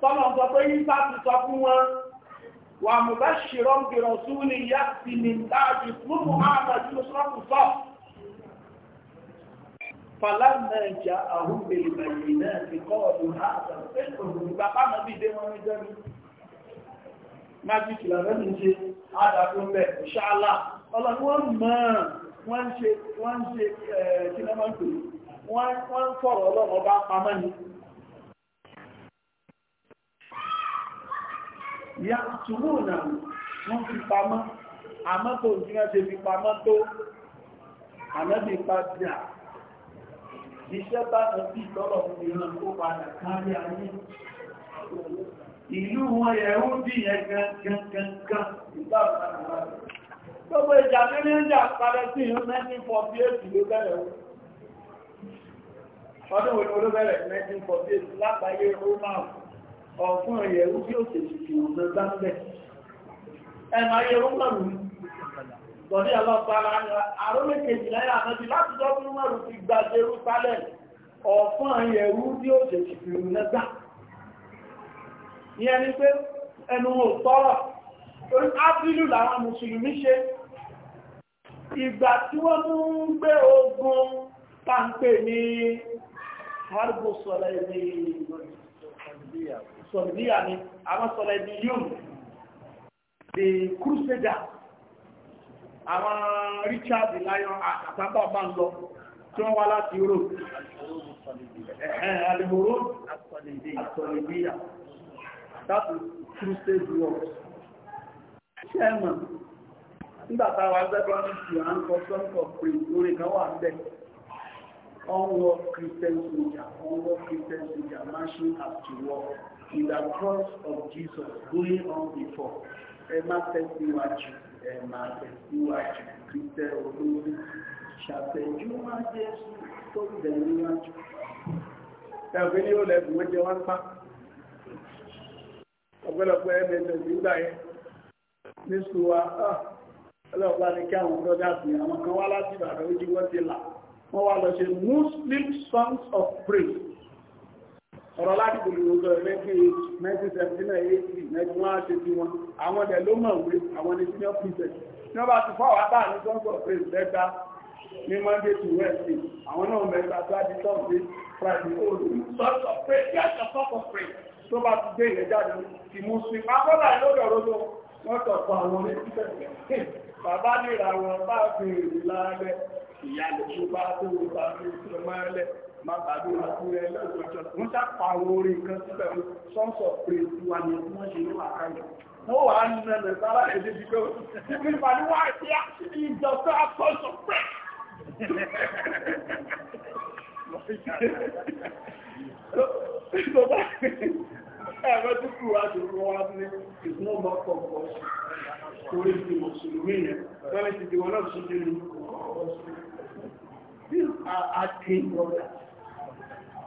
tọ́lọ̀ sọ pé yíṣà ti sọ fún wọn wà mú bá ṣèrọ ń bèrọ sí ní ìyá sí ní dáàbì fún muhammad ló sọ́kù sọ fàlànà ìjà àwọn èèyàn náà ti kọ́ ọdún láàbà pé òun bàbá náà bí dé wọn ní jẹ́mi májíkì lọ́rẹ́ ní ṣe àdàkúnbẹ̀ ṣáàlá ọlọ́run wọ́n mọ́ ìyá túnmù náà wọ́n fi pamọ́ àmọ́ tó ní wọ́n ṣe fi pamọ́ tó ànábì padà iṣẹ́ bá lọ sí ìtọ́lọ̀ ìran tó padà kárí ayé ìlú wọn yẹ̀rú bí yẹn gangan gbogbo ìjà ní ní ìjà padà sí ìlú 1948 ló bẹ̀rẹ̀ ọdún wo ni olóbẹ̀rẹ̀ 1948 lágbàáyé roman ọ̀fún ẹ̀yẹ̀wú bí ó ṣe ṣìṣì ọ̀nà gbáńbẹ̀ ẹ̀mà ayẹ̀wú mọ̀rù lọ́dí ọlọ́pàá àrólékejì láyé àmọ́bí láti dọ́gbọ́n mọ̀rù ti gba Jerusalem ọ̀fún ẹ̀yẹ̀wú bí ó ṣe ṣìṣì ọ̀nà gbá ìyẹn ni pé ẹnu ò tọ́rọ̀ torí ábílù làwọn mùsùlùmí ṣe ìgbà tí wọ́n mú ń gbé ogun pàǹpẹ̀ ní harbosọ̀lá ilé ìgbòrò sọ̀rọ̀díyà ni àwọn sọ̀rọ̀dí yóò the crusader àwọn Richard Lion àtàbà bá ń lọ tí wọ́n wá láti Europe alìmòró àsọ̀rọ̀díyà that crusade war chairman nígbàtà wà gbẹ́gbẹ́ ní ti à ń kọ sọ́nkọ̀ pé orí kan wà ń bẹ̀ ọ̀nwọ́ Christian soldier ọ̀nwọ́ Christian soldier marching up to war in the cross of Jesus going on before. Emma, Emma, you Ẹ má tẹ̀síwájú, Peter, má tẹ̀síwájú, Kristẹ olórí, ṣàtẹ̀jú má Jésù tó tẹ̀síwájú. Ẹ̀fẹ́ ni ó lẹ́bùn wọ́n jẹ wá ń pa. Ọ̀pọ̀lọpọ̀ MSN nígbà yẹn ní Sùwà, ah, ọlọ́pàá ni kí àwọn brọ́dá sí àwọn kan wá láti Ìbàdàn ó jí wọ́n ti là. Wọ́n wá lọ ṣe Muslim songs of praise ọ̀rọ̀ láti gbòlù ọgọ́ ẹ̀rẹ́gbẹ̀ 1979 1980 wọ́n á ṣe ti wọn àwọn ẹ̀ ló mọ̀ wé àwọn ní senior prefect tí wọ́n bá ti fọ́ àwọn àbá ní sọ́ńsọ̀ pèsè lẹ́gbà ní Monday to Wednesday àwọn náà mẹ́ta tó á di Thursday Friday old sọ́ńsọ̀ pé yẹ́sọ̀ fọ́kọ̀ pé tó bá ti gbé ìyẹn jáde ti mú sí akọ́lá lórí ọ̀rọ̀ tó wọ́n tọ̀ pa àwọn oníṣẹ́ bàbá nira wọn bá fi ìlú lálẹ́ ìyá lè tó bá tó bá fi ìlú lálẹ́ máa gbàgbé ọkùnrin lọ́sọ̀ọ̀sọ̀ wọ́n sápa àwọn kan síbẹ̀ sọ́nsọ̀ pé wà ní wọ́n ṣe ní àkáyọ̀ wọ́n wà ní ẹ̀rẹ̀ sára ẹ̀dẹ́ bí pé ìpín ìpàdé wà sí ìjọba àkọ́sọ̀ pẹ́ ẹ̀rọ tó kù wá sí wọ́n wá ní ìgbọ́n bá pọ̀ pọ̀ sí orí ti mùsùlùmí yẹn lọ́rẹ́ ti di náà sí nínú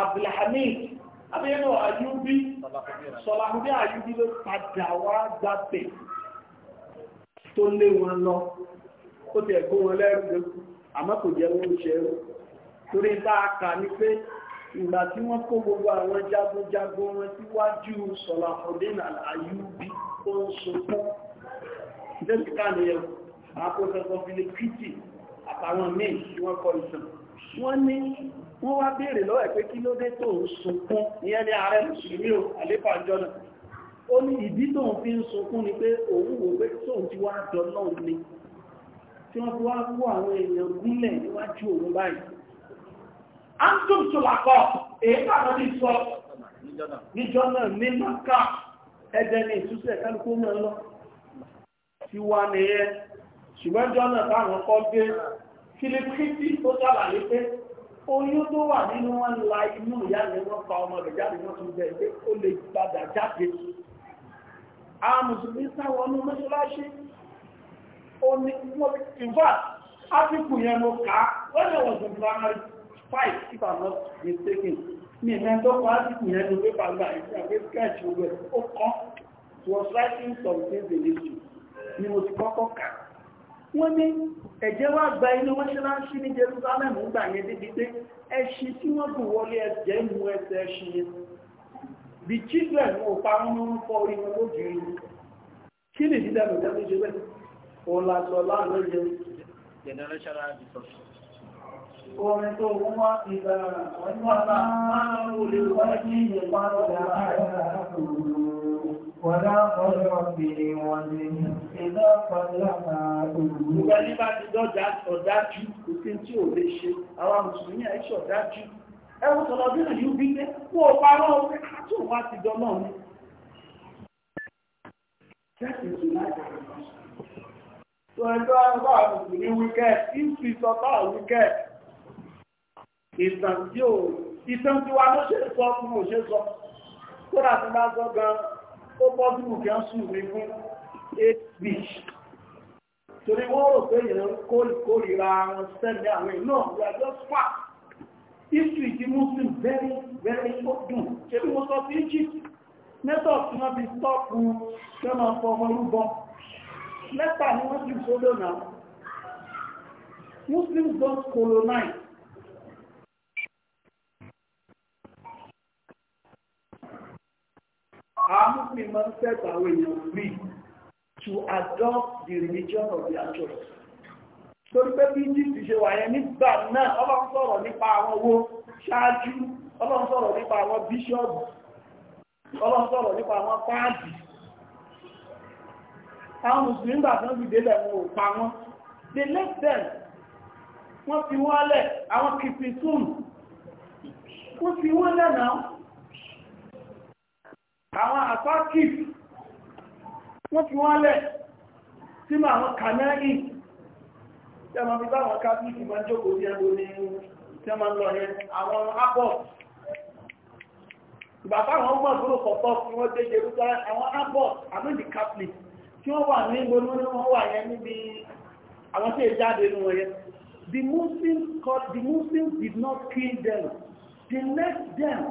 abdulhamid abẹ́yẹnà ayúbí sọ̀làmùdé ayúbí ló padà wá gbàgbẹ́ tó lé wọn lọ ó ti ẹ̀kọ́ wọn lẹ́rù àmọ́ kò jẹ́ wọn ṣe é torí bá a kà ní pé ìgbà tí wọ́n kó gbogbo àwọn jagunjagun wọn síwájú sọ̀làmùdé ayúbí ó ń sunkún jẹ́síkà nìyẹn àkóso sọfìlì kìtì àtàwọn míì tí wọ́n kọ ìtàn wọ́n ní wọ́n wá béèrè lọ́wọ́ ẹ̀ pé kí ló dé tó ń sunkún ìyẹn ní ààrẹ mùsùlùmí ò àléfà jọ́nà ó ní ìdí tó ń fi ń sunkún ni pé òun wò pé tóun ti wá dọ́nà ni tí wọ́n fi wá kó àwọn èèyàn gúnlẹ̀ níwájú òun báyìí a ń tó tó làkọ èyí tàbí ní sọ níjọ́ náà ní maka ẹ̀jẹ̀ ní ìtúsẹ̀ kálukú mọ́ lọ ti wá nìyẹn ṣùgbọ́n jọ́nà táwọn kọ́ gbé fílípítì tó sàlàyé pé oyún tó wà nínú wọn la inú ìyá rẹ̀ wọ́n pa ọmọ rẹ̀ jáde wọ́n tún bẹ̀ pé ó lè padà jáde àwọn mùsùlùmí sáwọnú mọ́ṣáláṣí ó ní wọ́n in fact áfíkù yẹn mo kà á when I was in primary five if I'm not mistaken ní ìmẹ́ntọ́kọ̀ áfíkù yẹn ló pépà gbà ìfẹ́ àgbẹ̀ sketch gbogbo ẹ̀ ó kọ́ was writing some things in history ni mo ti kọ́kọ́ kà á wọ́n ní ẹ̀jẹ̀ wá gba inú mọ́ṣáláṣí ní Jerusalem gbà yẹn débi pé ẹṣin tí wọ́n bù wọlé ẹ̀jẹ̀ mú ẹsẹ̀ ẹṣin yẹn the children ò parọ́ mọ́ ń fọ́ orí wọn lójúrí kí ni ìdílé ẹ̀rọ ìdájọ́ ṣe bẹ́ẹ̀ ọ̀la sọ láàárọ̀ yẹ generational disruption orin tó wọ́n wá ìgbà wọn ní wọn náà máa wọ́n ní ìyẹn pàrọ̀ Wọ́lá ọ̀rọ̀ bèèrè wọn ni ìdá pàlàmà òòrùn. Ìgbà ní bá ti dọ́jà ọ̀dájú, kò sí tí ò lè ṣe, àwọn Mùsùlùmí àìṣọ̀ dájú. Ẹwù sọ̀rọ̀ bí ìlú bí pé kó o parọ́ ọ̀pẹ́ ah, tó wá ti jọ náà ni. Tó ẹjọ́ ẹgbà Mùsùlùmí wíkẹ́ẹ̀, ìfì sọ́tọ̀ wíkẹ́ẹ̀. Ìtàn tí ó, tí wa sọ fún òṣèṣọ́ ó pọ́sùmù kí wọ́n sùn mí fún 8 beach torí wọ́n rò pé èèyàn kórìíra wọn sẹ́lẹ̀ àwọn èèyàn náà we are just far history ti muslim very very dùn ṣe bí mo sọ sí Egypt method tí wọ́n fi stọ́ọ̀pù tí wọ́n máa fọ ọmọ rúbọ lẹ́tà ni wọ́n ti sódò náà Muslims don't colonize Our Muslim man sets away your free to adopt the religion of their choice. So pé bí Egypt ṣe wà yẹn nígbà náà, ọlọ́run sọ̀rọ̀ nípa àwọn owó ṣáájú, ọlọ́run sọ̀rọ̀ nípa àwọn bíṣọ́ọ̀bù, ọlọ́run sọ̀rọ̀ nípa àwọn power, Àwọn Mùsùlùmí gbà tán fi délẹ̀ wọn ò pa wọn. They left them. Wọ́n fi wọ́n lẹ̀ àwọn kìtìtùn. Wọ́n fi wọ́n lẹ̀ náà àwọn àtọ́kìf wọ́n fi wọ́n lẹ̀ sínú àwọn kanáàlì tí a máa fi báwọn kábíkì máa jókòó sí ẹgbò ní tí a máa lọ yẹn àwọn apọ̀ ìgbàfà àwọn ọmọ ìgbòrò kọ̀tọ́ tí wọ́n dé Jerusalem àwọn apọ̀ àmìdì Catholic tí wọ́n wà ní ìgbónú ní wọ́n wà yẹn níbi àwọn tí èjáde nù wọ́n yẹn the Muslims the Muslims did not kill them they left them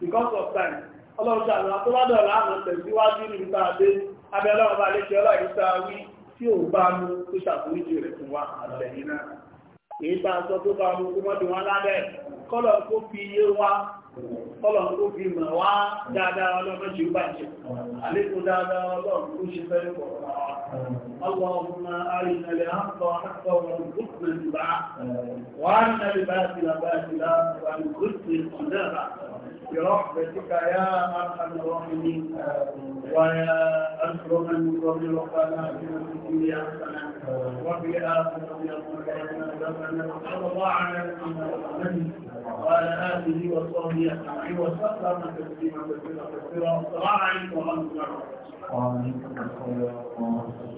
because of time ọlọ́run ṣe àwọn atọ́lọ́dọ̀ láàmù tẹ̀síwájú ní ìta adé abẹ́lẹ́ ọba alẹ́ṣẹ́ ọlọ́ìta wí tí ò bá mú tó ṣàforíjì rẹ̀ fún wa àtẹ̀yìn náà èyí tá a sọ tó bá mú kó mọ́dé wọn lábẹ́ kọ́lọ̀ kó fi yé wa kọ́lọ̀ kó fi mọ̀ wá dáadáa ọlọ́run ṣe bàjẹ́ àlékún dáadáa ọlọ́run kó ṣe fẹ́ اللهم أرنا الحق حقا وارزقنا اتباعه وأرنا الباطل باطلا وارزقنا اجتنابه برحمتك يا أرحم الراحمين ويا أكرم المكرمين ربنا آتنا في الدنيا احسن وفي اخر حسنة وقنا صلى الله على نبينا محمد وعلى آله وصحبه أجمعين وسلم تسليما كثيرا كثيرا السلام عليكم ورحمة الله وبركاته.